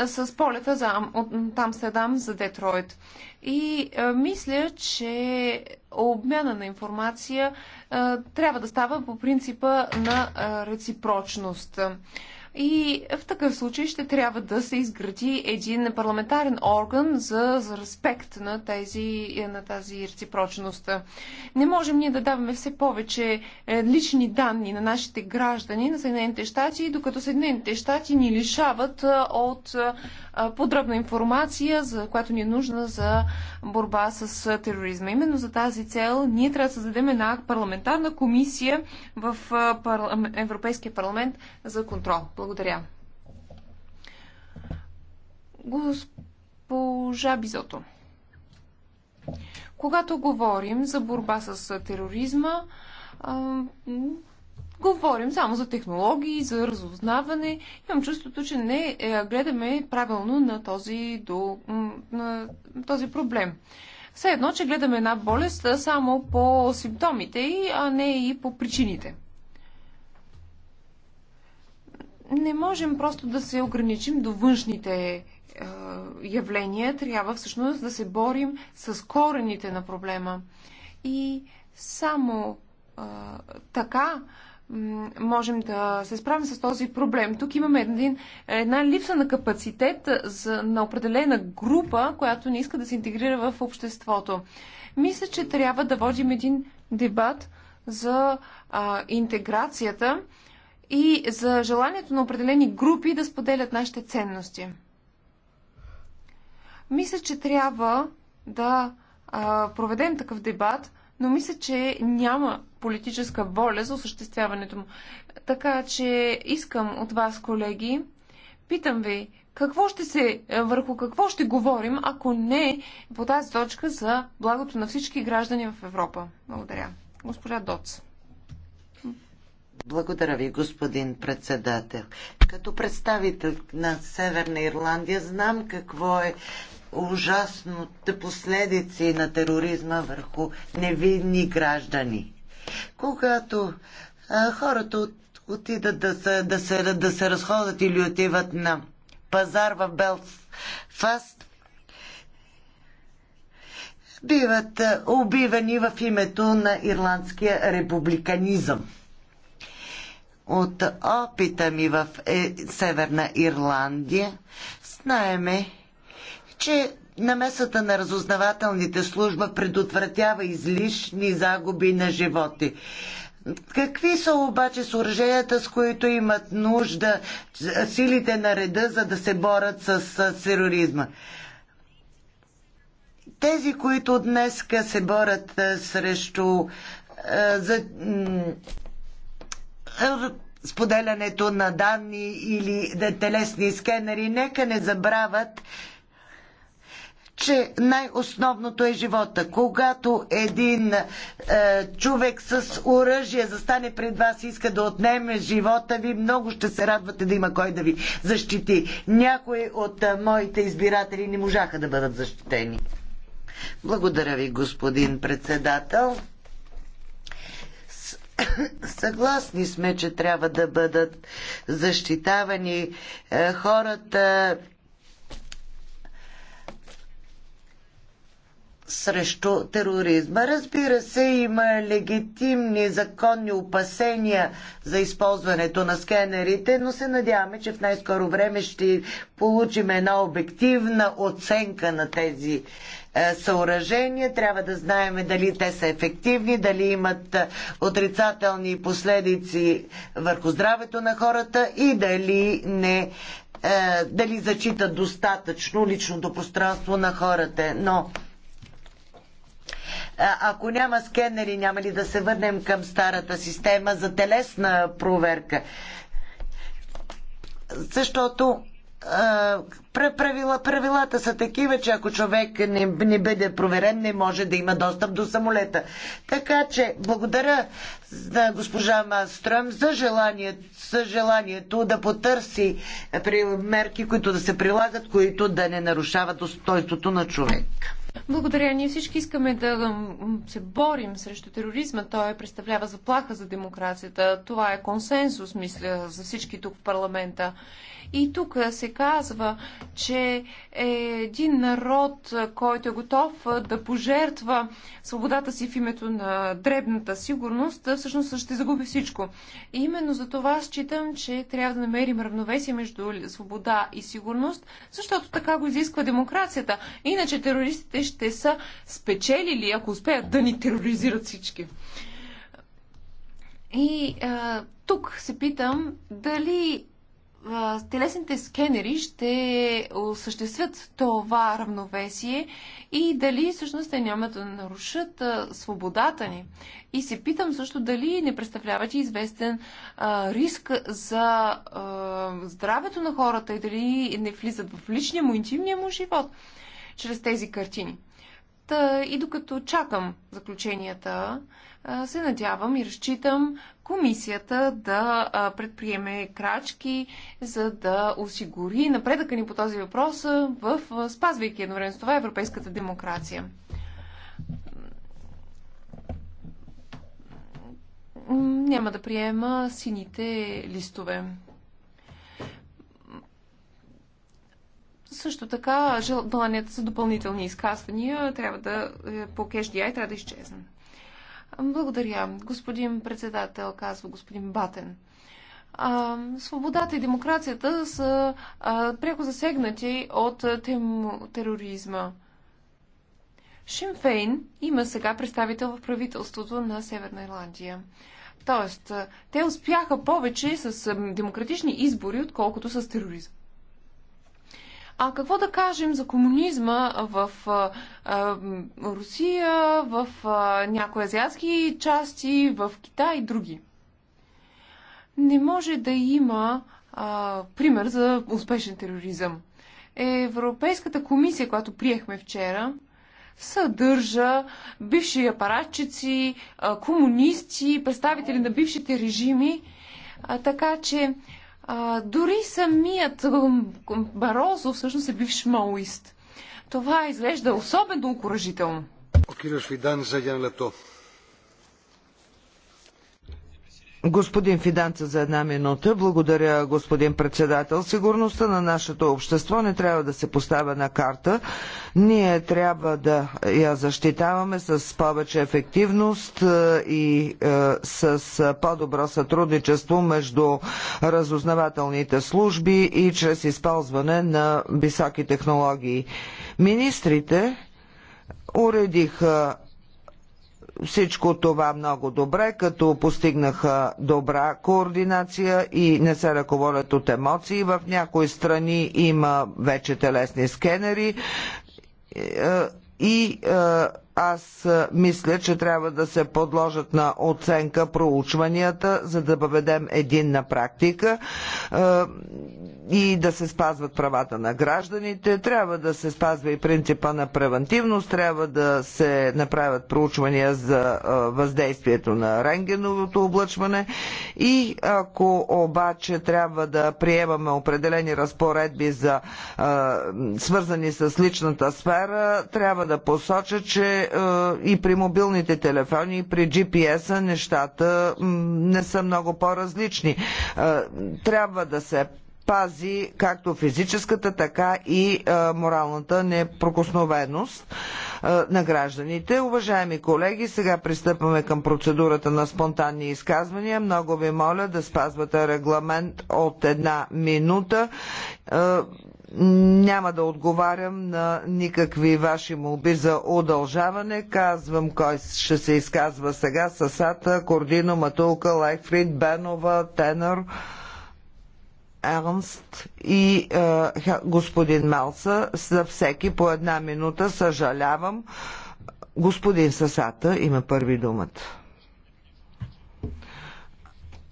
с полета за, от следам за Детройт. И а, мисля, че обмяна на информация а, трябва да става по принципа на а, реципрочност. И в такъв случай ще трябва да се изгради един парламентарен орган за, за респект на, тези, на тази реципрочност. Не можем ние да даваме все повече е, лични данни на нашите граждани на Съединените щати, докато Съединените щати ни лишават е, от е, подробна информация, за която ни е нужна за борба с тероризма. Именно за тази цел ние трябва да създадем една парламентарна комисия в Европейския парламент за контрол. Благодаря. Госпожа Бизото. Когато говорим за борба с тероризма, а, говорим само за технологии, за разузнаване. Имам чувството, че не е, гледаме правилно на този, до, на този проблем. Все едно, че гледаме една болест само по симптомите, а не и по причините не можем просто да се ограничим до външните е, явления, трябва всъщност да се борим с корените на проблема. И само е, така можем да се справим с този проблем. Тук имаме един, една липса на капацитет за, на определена група, която не иска да се интегрира в обществото. Мисля, че трябва да водим един дебат за а, интеграцията и за желанието на определени групи да споделят нашите ценности. Мисля, че трябва да а, проведем такъв дебат, но мисля, че няма политическа воля за осъществяването му. Така че искам от вас, колеги, питам ви, какво ще се, върху какво ще говорим, ако не по тази точка за благото на всички граждани в Европа? Благодаря. Госпожа Доц. Благодаря ви, господин председател. Като представител на Северна Ирландия знам какво е ужасните последици на тероризма върху невинни граждани. Когато а, хората от, отидат да се, да, се, да се разходят или отиват на пазар в Белфаст, биват убивани в името на ирландския републиканизъм. От опита ми в е, Северна Ирландия знаеме, че намесата на разузнавателните служба предотвратява излишни загуби на животи. Какви са обаче съоръженията, с които имат нужда силите на реда, за да се борят с, с тероризма? Тези, които днес се борят срещу за споделянето на данни или телесни скенери, нека не забравят, че най-основното е живота. Когато един е, човек с оръжие застане пред вас и иска да отнеме живота ви, много ще се радвате да има кой да ви защити. Някои от е, моите избиратели не можаха да бъдат защитени. Благодаря ви, господин председател. Съгласни сме, че трябва да бъдат защитавани е, хората срещу тероризма. Разбира се, има легитимни законни опасения за използването на скенерите, но се надяваме, че в най-скоро време ще получим една обективна оценка на тези е, съоръжения. Трябва да знаем дали те са ефективни, дали имат е, отрицателни последици върху здравето на хората и дали не е, дали зачита достатъчно личното пространство на хората. Но ако няма скенери, няма ли да се върнем към старата система за телесна проверка? Защото правила, правилата са такива, че ако човек не, не бъде проверен, не може да има достъп до самолета. Така че благодаря на госпожа Мастръм за желание, за желанието да потърси мерки, които да се прилагат, които да не нарушават устойството на човек. Благодаря. Ние всички искаме да се борим срещу тероризма. Той представлява заплаха за демокрацията. Това е консенсус, мисля, за всички тук в парламента. И тук се казва, че е един народ, който е готов да пожертва свободата си в името на дребната сигурност, всъщност ще загуби всичко. И именно за това считам, че трябва да намерим равновесие между свобода и сигурност, защото така го изисква демокрацията. Иначе терористите ще са спечелили, ако успеят да ни тероризират всички. И а, тук се питам дали телесните скенери ще осъществят това равновесие и дали всъщност те няма да нарушат свободата ни. И се питам също дали не представляват известен а, риск за а, здравето на хората и дали не влизат в личния му, интимния му живот чрез тези картини. Та, и докато чакам заключенията, се надявам и разчитам комисията да предприеме крачки, за да осигури напредъка ни по този въпрос, в, спазвайки едновременно с това европейската демокрация. Няма да приема сините листове. Също така, желанията за допълнителни изказвания трябва да е, по CashDI трябва да изчезнат. Благодаря, господин председател, казва господин Батен. А, свободата и демокрацията са а, пряко засегнати от тем, тероризма. Шимфейн има сега представител в правителството на Северна Ирландия. Тоест, те успяха повече с демократични избори, отколкото с тероризъм. А какво да кажем за комунизма в а, Русия, в а, някои азиатски части, в Китай и други? Не може да има а, пример за успешен тероризъм. Европейската комисия, която приехме вчера, съдържа бивши апаратчици, комунисти, представители на бившите режими. Така че а, дори самият Барозо всъщност е бивш маоист. Това изглежда особено окоръжително. Кирил Свидан за един лето. Господин Фиданца за една минута. Благодаря, господин председател. Сигурността на нашето общество не трябва да се поставя на карта. Ние трябва да я защитаваме с повече ефективност е, и е, с по-добро сътрудничество между разузнавателните служби и чрез използване на високи технологии. Министрите уредиха всичко това много добре, като постигнаха добра координация и не се ръководят от емоции. В някои страни има вече телесни скенери е, е, и е, аз мисля, че трябва да се подложат на оценка проучванията, за да въведем един на практика и да се спазват правата на гражданите. Трябва да се спазва и принципа на превентивност, трябва да се направят проучвания за въздействието на рентгеновото облъчване и ако обаче трябва да приемаме определени разпоредби за свързани с личната сфера, трябва да посоча, че е, и при мобилните телефони, и при GPS-а нещата не са много по-различни. Е, трябва да се пази както физическата, така и е, моралната непрокосновеност на гражданите. Уважаеми колеги, сега пристъпваме към процедурата на спонтанни изказвания. Много ви моля да спазвате регламент от една минута няма да отговарям на никакви ваши молби за удължаване. Казвам кой ще се изказва сега. Сасата, Кордино, Матулка, Лайфрид, Бенова, Тенър, Ернст и е, господин Малса. За всеки по една минута. Съжалявам. Господин Сасата има първи думата.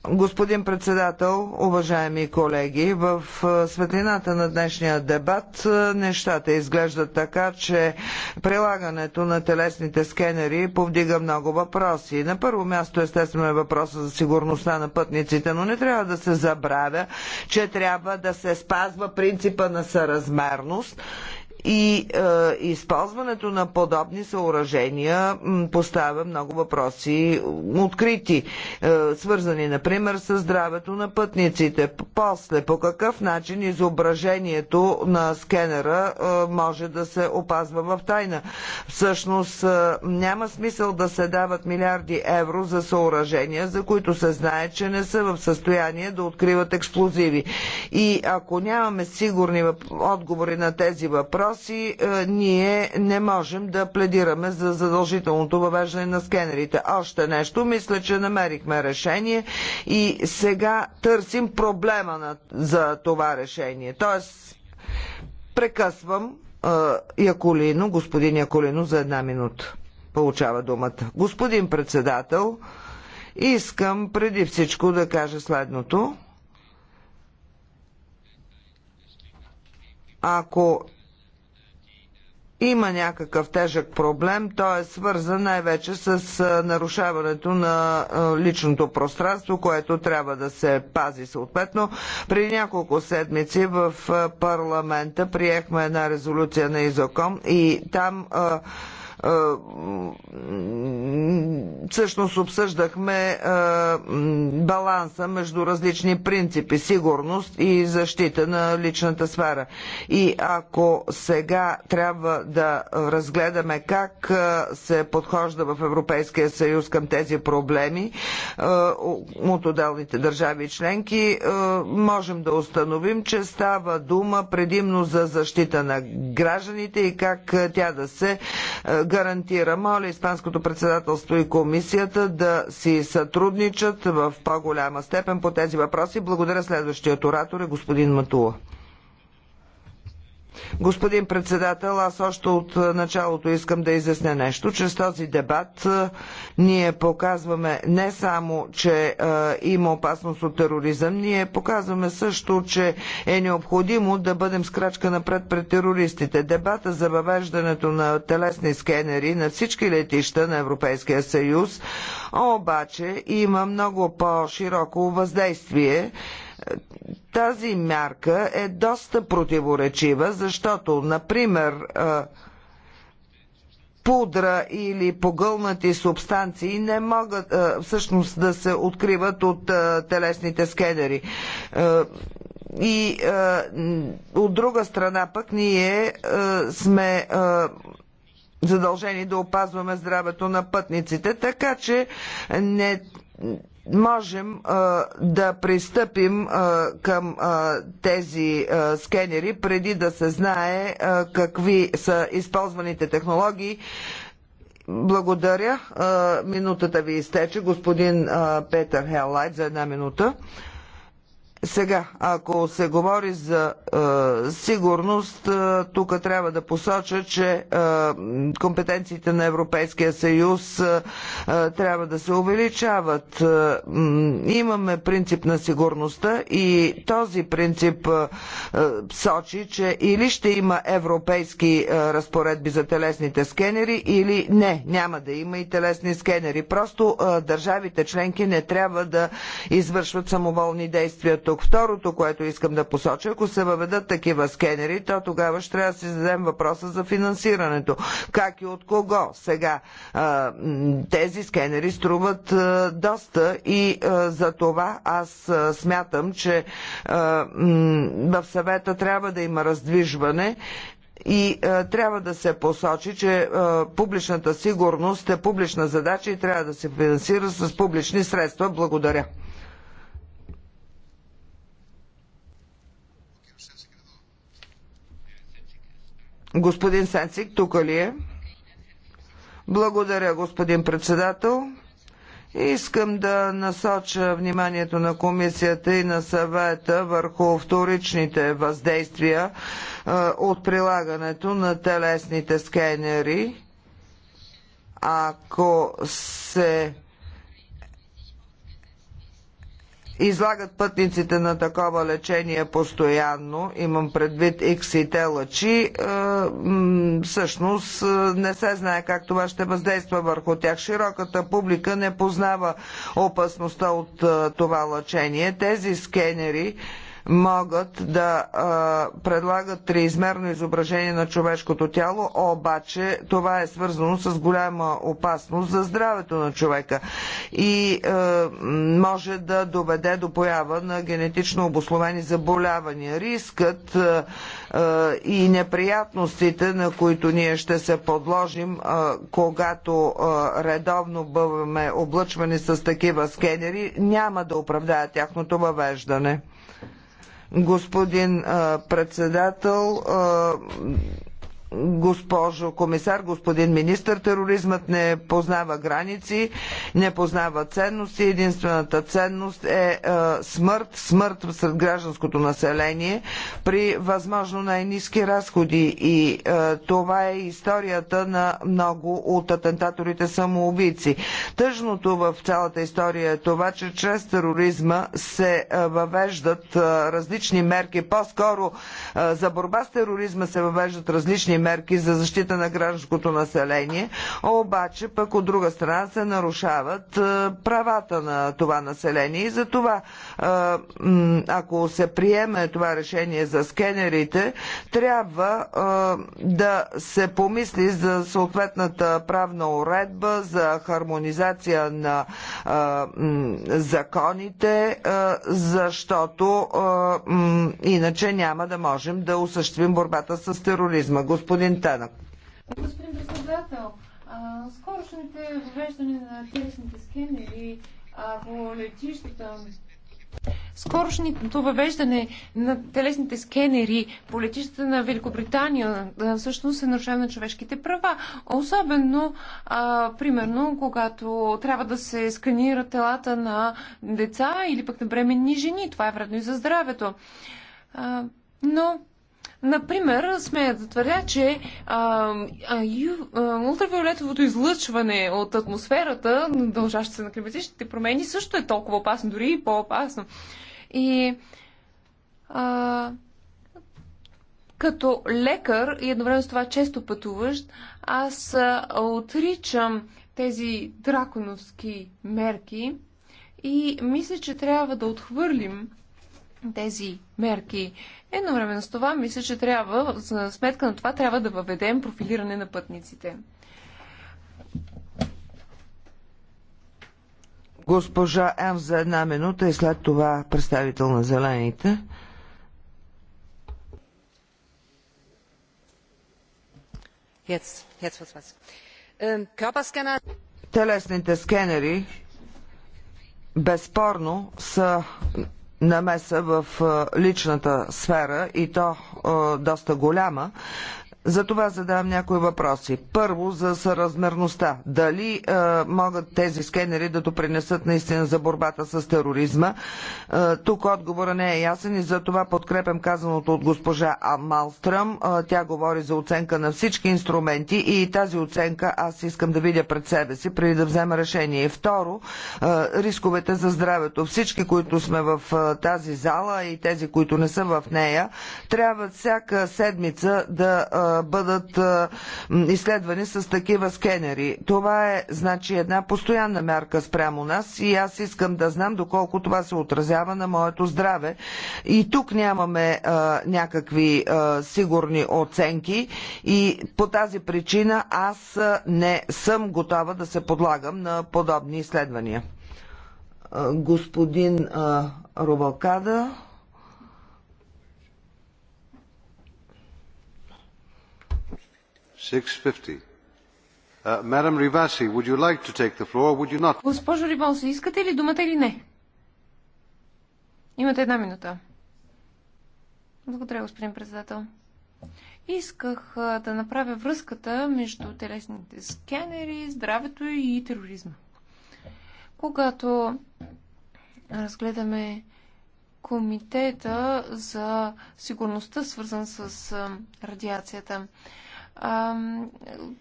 Господин председател, уважаеми колеги, в светлината на днешния дебат нещата изглеждат така, че прилагането на телесните скенери повдига много въпроси. На първо място естествено е въпроса за сигурността на пътниците, но не трябва да се забравя, че трябва да се спазва принципа на съразмерност и е, използването на подобни съоръжения поставя много въпроси открити, е, свързани, например, с здравето на пътниците. После, по какъв начин изображението на скенера е, може да се опазва в тайна? Всъщност, е, няма смисъл да се дават милиарди евро за съоръжения, за които се знае, че не са в състояние да откриват експлозиви. И ако нямаме сигурни въп... отговори на тези въпроси, въпроси е, ние не можем да пледираме за задължителното въвеждане на скенерите. Още нещо, мисля, че намерихме решение и сега търсим проблема на, за това решение. Тоест, прекъсвам е, Яколино, господин Яколино за една минута получава думата. Господин председател, искам преди всичко да кажа следното. Ако има някакъв тежък проблем. Той е свързан най-вече с нарушаването на личното пространство, което трябва да се пази съответно. При няколко седмици в парламента приехме една резолюция на Изоком и там всъщност обсъждахме е, баланса между различни принципи сигурност и защита на личната сфера. И ако сега трябва да разгледаме как е, се подхожда в Европейския съюз към тези проблеми е, от отделните държави и членки, можем да установим, че става дума предимно за защита на гражданите и как тя да се гарантира. Моля, Испанското председателство и комисията да си сътрудничат в по-голяма степен по тези въпроси. Благодаря следващият оратор е господин Матула. Господин председател, аз още от е, началото искам да изясня нещо. Чрез този дебат е, ние показваме не само, че е, има опасност от тероризъм, ние показваме също, че е необходимо да бъдем с крачка напред пред терористите. Дебата за въвеждането на телесни скенери на всички летища на Европейския съюз обаче има много по-широко въздействие тази мярка е доста противоречива, защото, например, пудра или погълнати субстанции не могат всъщност да се откриват от телесните скенери. И от друга страна пък ние сме задължени да опазваме здравето на пътниците, така че не можем а, да пристъпим а, към а, тези а, скенери преди да се знае а, какви са използваните технологии. Благодаря. А, минутата ви изтече, господин а, Петър Хеллайт, за една минута. Сега, ако се говори за е, сигурност, е, тук трябва да посоча, че е, компетенциите на Европейския съюз е, е трябва да се увеличават. Е, имаме принцип на сигурността и този принцип е, е, сочи, че или ще има европейски е, разпоредби за телесните скенери, или не, няма да има и телесни скенери. Просто е, държавите членки не трябва да извършват самоволни действия тук. Второто, което искам да посоча, ако се въведат такива скенери, то тогава ще трябва да си зададем въпроса за финансирането. Как и от кого? Сега тези скенери струват доста и за това аз смятам, че в съвета трябва да има раздвижване и е, трябва да се посочи, че е, публичната сигурност е публична задача и трябва да се финансира с публични средства. Благодаря. Господин Сенцик, тук ли е? Благодаря, господин председател. Искам да насоча вниманието на комисията и на съвета върху вторичните въздействия е, от прилагането на телесните скенери. Ако се излагат пътниците на такова лечение постоянно, имам предвид X и лъчи, е, всъщност е, не се знае как това ще въздейства върху тях. Широката публика не познава опасността от е, това лъчение. Тези скенери могат да а, предлагат триизмерно изображение на човешкото тяло, обаче това е свързано с голяма опасност за здравето на човека и а, може да доведе до поява на генетично обословени заболявания. Рискът а, и неприятностите, на които ние ще се подложим, когато редовно бъваме облъчвани с такива скенери, няма да оправдаят тяхното въвеждане господин председател госпожо комисар, господин министр, тероризмът не познава граници, не познава ценности. Единствената ценност е, е, смърт, смърт сред гражданското население при възможно най-низки разходи. И е, това е историята на много от атентаторите самоубийци. Тъжното в цялата история е това, че чрез тероризма се е, въвеждат различни мерки. По-скоро за борба с тероризма се въвеждат различни мерки мерки за защита на гражданското население, обаче пък от друга страна се нарушават е, правата на това население и за това е, ако се приеме това решение за скенерите, трябва е, да се помисли за съответната правна уредба, за хармонизация на законите, защото иначе няма да можем да осъществим борбата с тероризма. Господин господин Танък. Господин председател, скорошните въвеждане на телесните скенери по летищата Скорошното въвеждане на телесните скенери по летищата на Великобритания всъщност е нарушава на човешките права. Особено, а, примерно, когато трябва да се сканират телата на деца или пък на бременни жени. Това е вредно и за здравето. А, но Например, смея да твърдя, че а, а, ю, а, ултравиолетовото излъчване от атмосферата, дължащо се на климатичните промени, също е толкова опасно, дори и по-опасно. И а, като лекар и едновременно с това често пътуващ, аз отричам тези драконовски мерки и мисля, че трябва да отхвърлим тези мерки. Едновременно с това, мисля, че трябва, за сметка на това, трябва да въведем профилиране на пътниците. Госпожа М за една минута и след това представител на зелените. Телесните скенери безспорно са намеса в личната сфера и то доста голяма, затова задавам някои въпроси. Първо за съразмерността. Дали е, могат тези скенери да допринесат наистина за борбата с тероризма? Е, тук отговора не е ясен и затова подкрепям казаното от госпожа Малстръм. Е, тя говори за оценка на всички инструменти и тази оценка аз искам да видя пред себе си, преди да взема решение. И второ, е, рисковете за здравето. Всички, които сме в е, тази зала и тези, които не са в нея, трябва всяка седмица да е, бъдат изследвани с такива скенери. Това е значи една постоянна мярка спрямо нас и аз искам да знам доколко това се отразява на моето здраве. И тук нямаме а, някакви а, сигурни оценки и по тази причина аз не съм готова да се подлагам на подобни изследвания. Господин а, Рубалкада. Uh, Госпожо Ривоси, искате ли думата или не? Имате една минута. Благодаря, господин председател. Исках да направя връзката между телесните скенери, здравето и тероризма. Когато разгледаме комитета за сигурността, свързан с радиацията,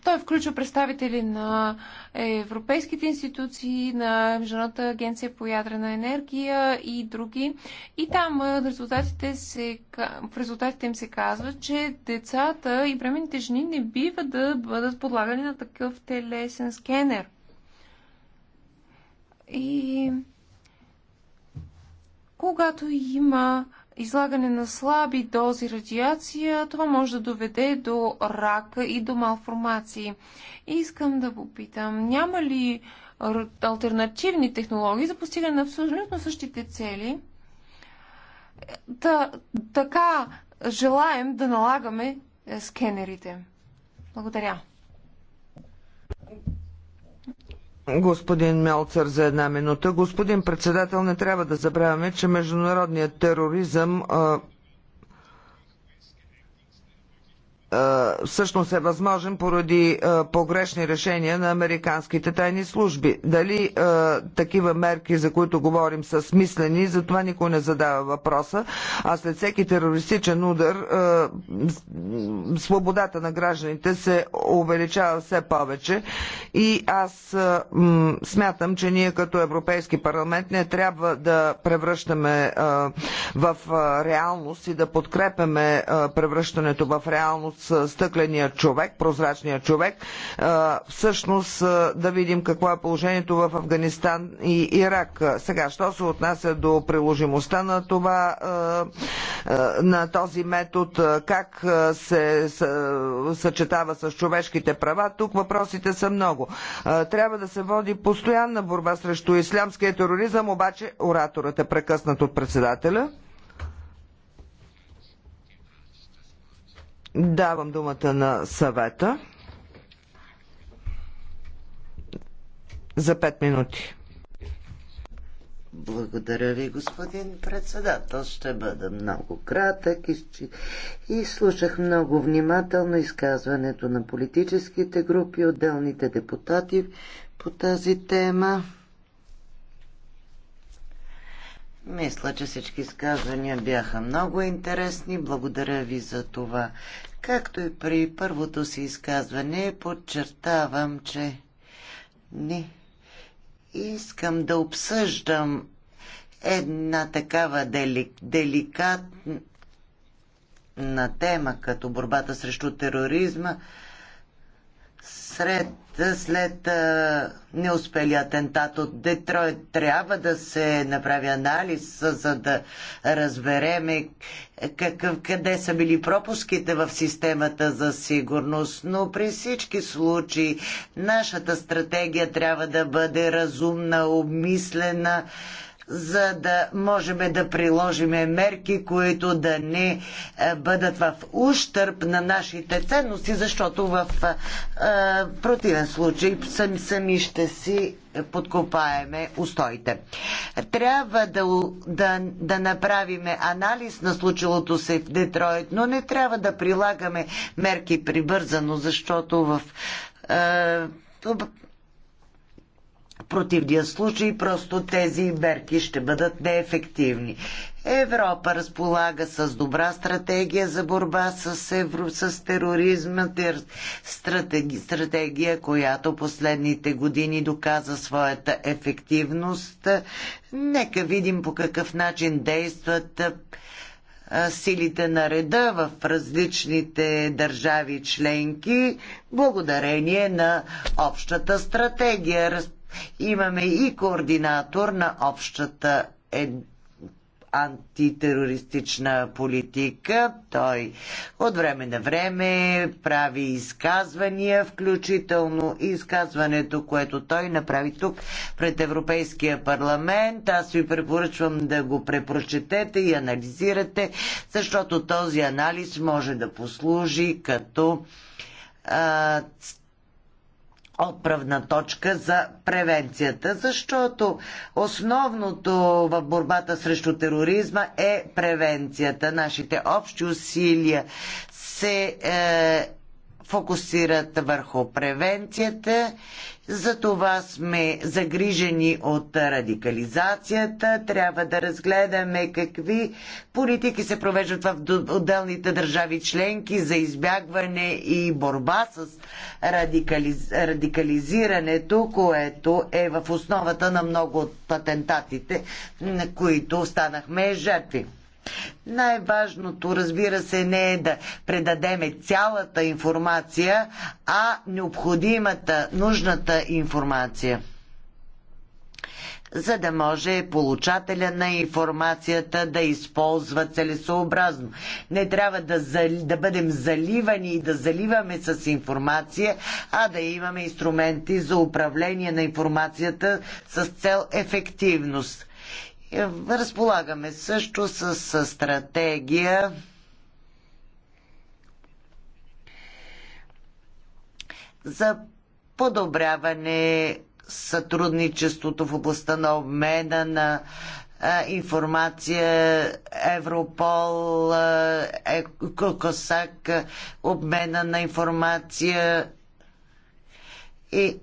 той включва представители на европейските институции, на Международната агенция по ядрена енергия и други. И там резултатите се, в резултатите им се казва, че децата и бременните жени не бива да бъдат подлагани на такъв телесен скенер. И когато има излагане на слаби дози радиация, това може да доведе до рак и до малформации. Искам да попитам, няма ли альтернативни технологии за постигане на абсолютно същите цели? Та, така желаем да налагаме е, скенерите. Благодаря. Господин Мелцер за една минута. Господин председател, не трябва да забравяме, че международният тероризъм Е, всъщност е възможен поради е, погрешни решения на американските тайни служби. Дали е, такива мерки, за които говорим, са смислени, за това никой не задава въпроса. А след всеки терористичен удар свободата на гражданите се увеличава все повече и аз смятам, че ние като Европейски парламент не трябва да превръщаме в реалност и да подкрепяме превръщането в реалност стъкления човек, прозрачния човек. Всъщност да видим какво е положението в Афганистан и Ирак. Сега, що се отнася до приложимостта на това, на този метод, как се съчетава с човешките права, тук въпросите са много. Трябва да се води постоянна борба срещу ислямския тероризъм, обаче ораторът е прекъснат от председателя. Давам думата на съвета за 5 минути. Благодаря ви, господин председател. Ще бъда много кратък и, и слушах много внимателно изказването на политическите групи, отделните депутати по тази тема. Мисля, че всички изказвания бяха много интересни. Благодаря ви за това. Както и при първото си изказване, подчертавам, че не искам да обсъждам една такава делик, деликатна тема, като борбата срещу тероризма, сред, след а, неуспели атентат от Детройт. Трябва да се направи анализ, за да разбереме какъв, къде са били пропуските в системата за сигурност, но при всички случаи нашата стратегия трябва да бъде разумна, обмислена за да можем да приложиме мерки, които да не е, бъдат в ущърп на нашите ценности, защото в е, противен случай сами, сами ще си подкопаеме устоите. Трябва да, да, да направиме анализ на случилото се в Детройт, но не трябва да прилагаме мерки прибързано, защото в е, в противния случай просто тези мерки ще бъдат неефективни. Европа разполага с добра стратегия за борба с, евро, с тероризма, тер, стратегия, стратегия, която последните години доказа своята ефективност. Нека видим по какъв начин действат силите на реда в различните държави членки, благодарение на общата стратегия. Имаме и координатор на общата е, антитерористична политика. Той от време на време прави изказвания, включително изказването, което той направи тук пред Европейския парламент. Аз ви препоръчвам да го препрочетете и анализирате, защото този анализ може да послужи като а, отправна точка за превенцията, защото основното в борбата срещу тероризма е превенцията. Нашите общи усилия се е, фокусират върху превенцията затова сме загрижени от радикализацията. Трябва да разгледаме какви политики се провеждат в отделните държави членки за избягване и борба с радикализ... радикализирането, което е в основата на много от патентатите, на които станахме жертви. Най-важното, разбира се, не е да предадеме цялата информация, а необходимата, нужната информация за да може получателя на информацията да използва целесообразно. Не трябва да, зали, да бъдем заливани и да заливаме с информация, а да имаме инструменти за управление на информацията с цел ефективност. Разполагаме също с стратегия за подобряване сътрудничеството в областта на обмена на информация, Европол, е, Косак, обмена на информация и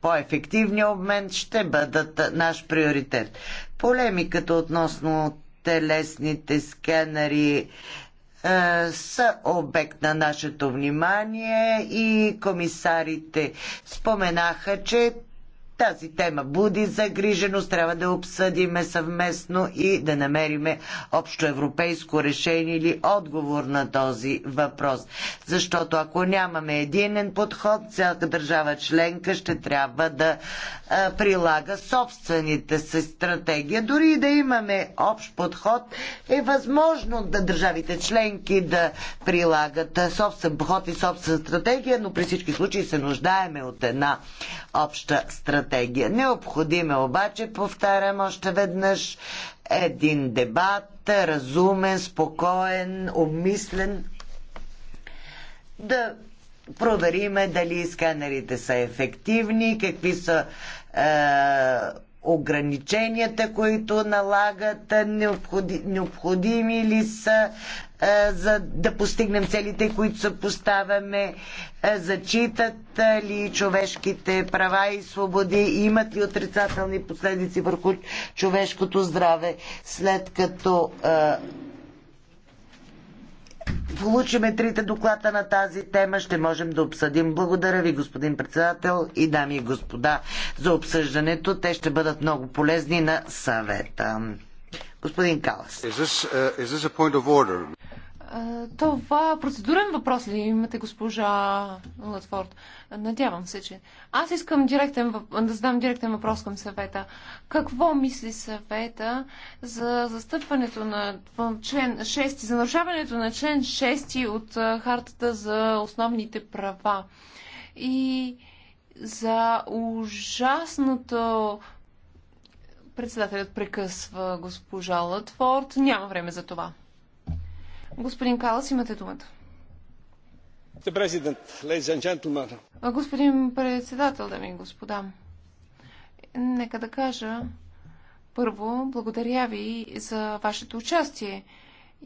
по-ефективния обмен ще бъдат наш приоритет. Полемиката относно телесните скенери е, са обект на нашето внимание и комисарите споменаха, че тази тема буди загриженост, трябва да обсъдиме съвместно и да намериме общо европейско решение или отговор на този въпрос. Защото ако нямаме единен подход, всяка държава членка ще трябва да а, прилага собствените си стратегия. Дори и да имаме общ подход, е възможно да държавите членки да прилагат собствен подход и собствена стратегия, но при всички случаи се нуждаеме от една обща стратегия стратегия. Необходим е обаче, повтарям още веднъж, един дебат, разумен, спокоен, обмислен, да провериме дали сканерите са ефективни, какви са е, ограниченията, които налагат, необходи, необходими ли са за да постигнем целите, които се поставяме, зачитат ли човешките права и свободи, имат ли отрицателни последици върху човешкото здраве, след като получиме трите доклада на тази тема, ще можем да обсъдим. Благодаря ви, господин председател и дами и господа, за обсъждането. Те ще бъдат много полезни на съвета. Господин Калас. Uh, това е процедурен въпрос ли имате, госпожа Латфорд? Надявам се, че... Аз искам директен, въп... да задам директен въпрос към съвета. Какво мисли съвета за застъпването на член 6, за нарушаването на член 6 от Хартата за основните права? И за ужасното Председателят прекъсва госпожа Латфорд. Няма време за това. Господин Калас, имате думата. Господин председател, дами и господа, нека да кажа първо, благодаря ви за вашето участие.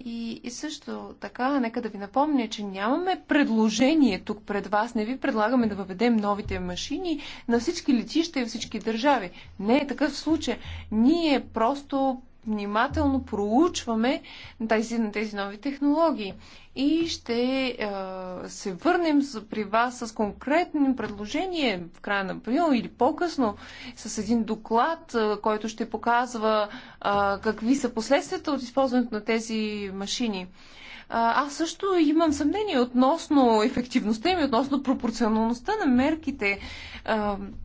И, и също така, нека да ви напомня, че нямаме предложение тук пред вас. Не ви предлагаме да въведем новите машини на всички летища и всички държави. Не е такъв случай. Ние просто внимателно проучваме тези, на тези нови технологии. И ще а, се върнем с, при вас с конкретни предложения в края на април или по-късно, с един доклад, а, който ще показва а, какви са последствията от използването на тези машини. Аз също имам съмнение относно ефективността им и относно пропорционалността на мерките,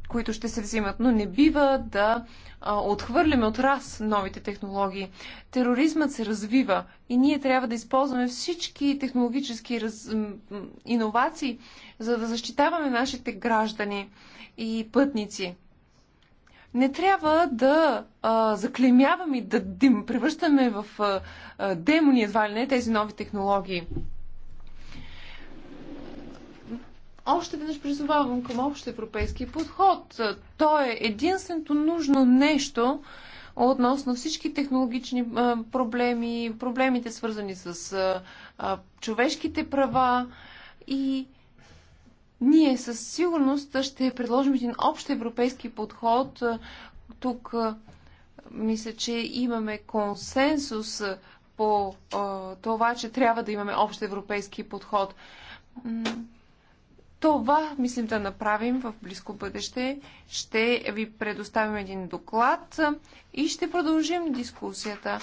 които ще се взимат, но не бива да отхвърляме от раз новите технологии. Тероризмът се развива и ние трябва да използваме всички технологически раз... иновации, за да защитаваме нашите граждани и пътници не трябва да а, заклемяваме и да дим, превръщаме в а, а, демони едва ли не тези нови технологии. Още веднъж призовавам към общ европейски подход. То е единственото нужно нещо относно всички технологични а, проблеми, проблемите свързани с а, а, човешките права и а, ние със сигурност ще предложим един общ европейски подход. Тук мисля, че имаме консенсус по това, че трябва да имаме общ европейски подход. Това мислим да направим в близко бъдеще. Ще ви предоставим един доклад и ще продължим дискусията.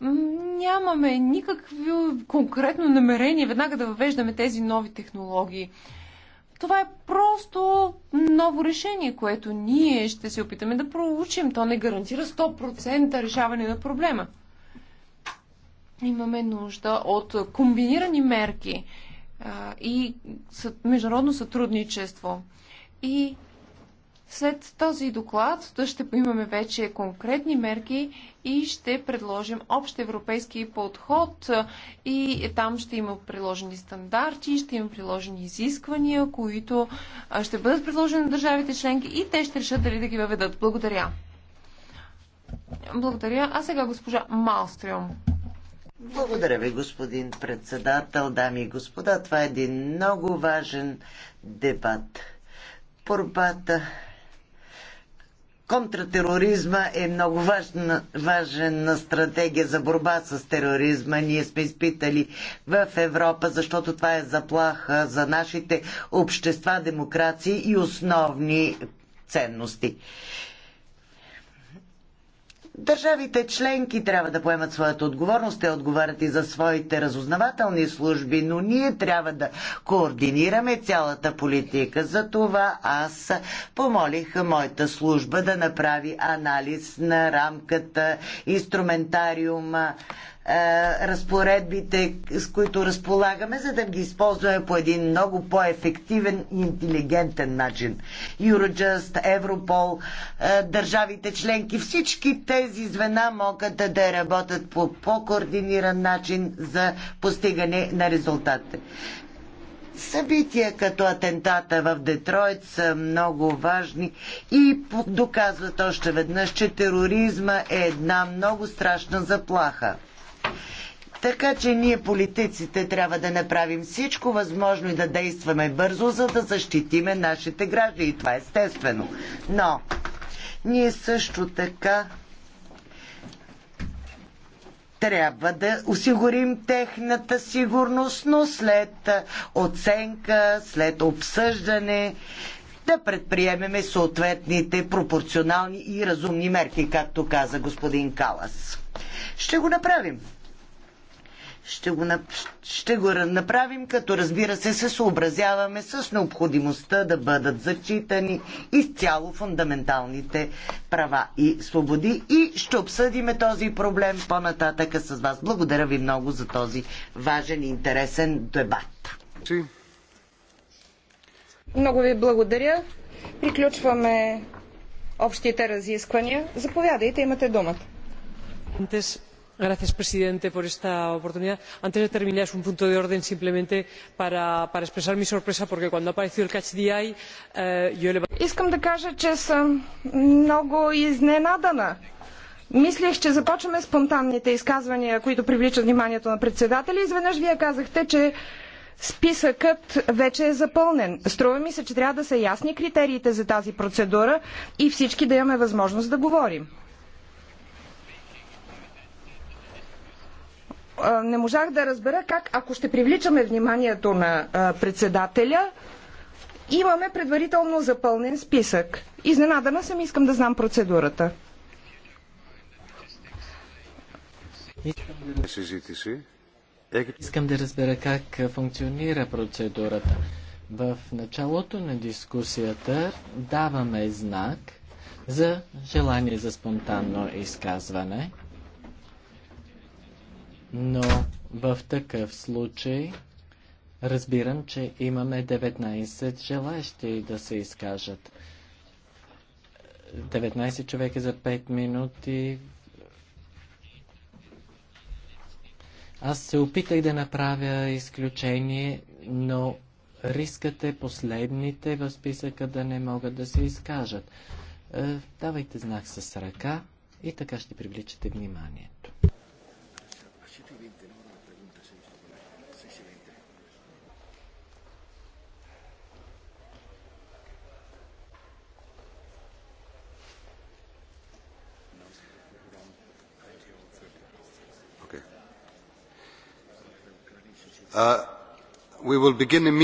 Нямаме никакви конкретно намерение веднага да въвеждаме тези нови технологии. Това е просто ново решение, което ние ще се опитаме да проучим. То не гарантира 100% решаване на проблема. Имаме нужда от комбинирани мерки и международно сътрудничество. И след този доклад ще имаме вече конкретни мерки и ще предложим общ европейски подход и там ще има приложени стандарти, ще има приложени изисквания, които ще бъдат предложени на държавите членки и те ще решат дали да ги въведат. Благодаря. Благодаря. А сега госпожа Малстрюм. Благодаря ви, господин председател, дами и господа. Това е един много важен дебат. Порбата контратероризма е много важна, важна стратегия за борба с тероризма. Ние сме изпитали в Европа, защото това е заплаха за нашите общества, демокрации и основни ценности. Държавите членки трябва да поемат своята отговорност, те отговарят и за своите разузнавателни служби, но ние трябва да координираме цялата политика. За това аз помолих моята служба да направи анализ на рамката, инструментариума, е, разпоредбите, с които разполагаме, за да ги използваме по един много по-ефективен и интелигентен начин. Eurojust, Европол, е, държавите членки, всички тези звена могат да работят по по-координиран начин за постигане на резултатите. Събития като атентата в Детройт са много важни и доказват още веднъж, че тероризма е една много страшна заплаха. Така че ние политиците трябва да направим всичко възможно и да действаме бързо, за да защитиме нашите граждани. Това е естествено. Но ние също така трябва да осигурим техната сигурност, но след оценка, след обсъждане да предприемеме съответните пропорционални и разумни мерки, както каза господин Калас. Ще го направим. Ще го, ще го направим, като разбира се, се съобразяваме с необходимостта да бъдат зачитани изцяло фундаменталните права и свободи и ще обсъдиме този проблем по-нататъка с вас. Благодаря ви много за този важен и интересен дебат. Много ви благодаря. Приключваме общите разисквания. Заповядайте, имате думата señor presidente por esta oportunidad. antes de terminar es un punto de orden simplemente para expresar mi sorpresa porque cuando ha aparecido el catch the eye eh, yo he levantado. искам да кажа че съм много изненадана. Мислех, че започваме спонтанните изказвания, които привличат вниманието на председателя. Изведнъж вие казахте, че списъкът вече е запълнен. Струва ми се, че трябва да са ясни критериите за тази процедура и всички да имаме възможност да говорим. не можах да разбера как, ако ще привличаме вниманието на председателя, имаме предварително запълнен списък. Изненадана съм и искам да знам процедурата. Искам да разбера как функционира процедурата. В началото на дискусията даваме знак за желание за спонтанно изказване но в такъв случай разбирам, че имаме 19 желащи да се изкажат. 19 човека за 5 минути. Аз се опитах да направя изключение, но рискът е последните в списъка да не могат да се изкажат. Е, давайте знак с ръка и така ще привличате внимание. we will begin immediately.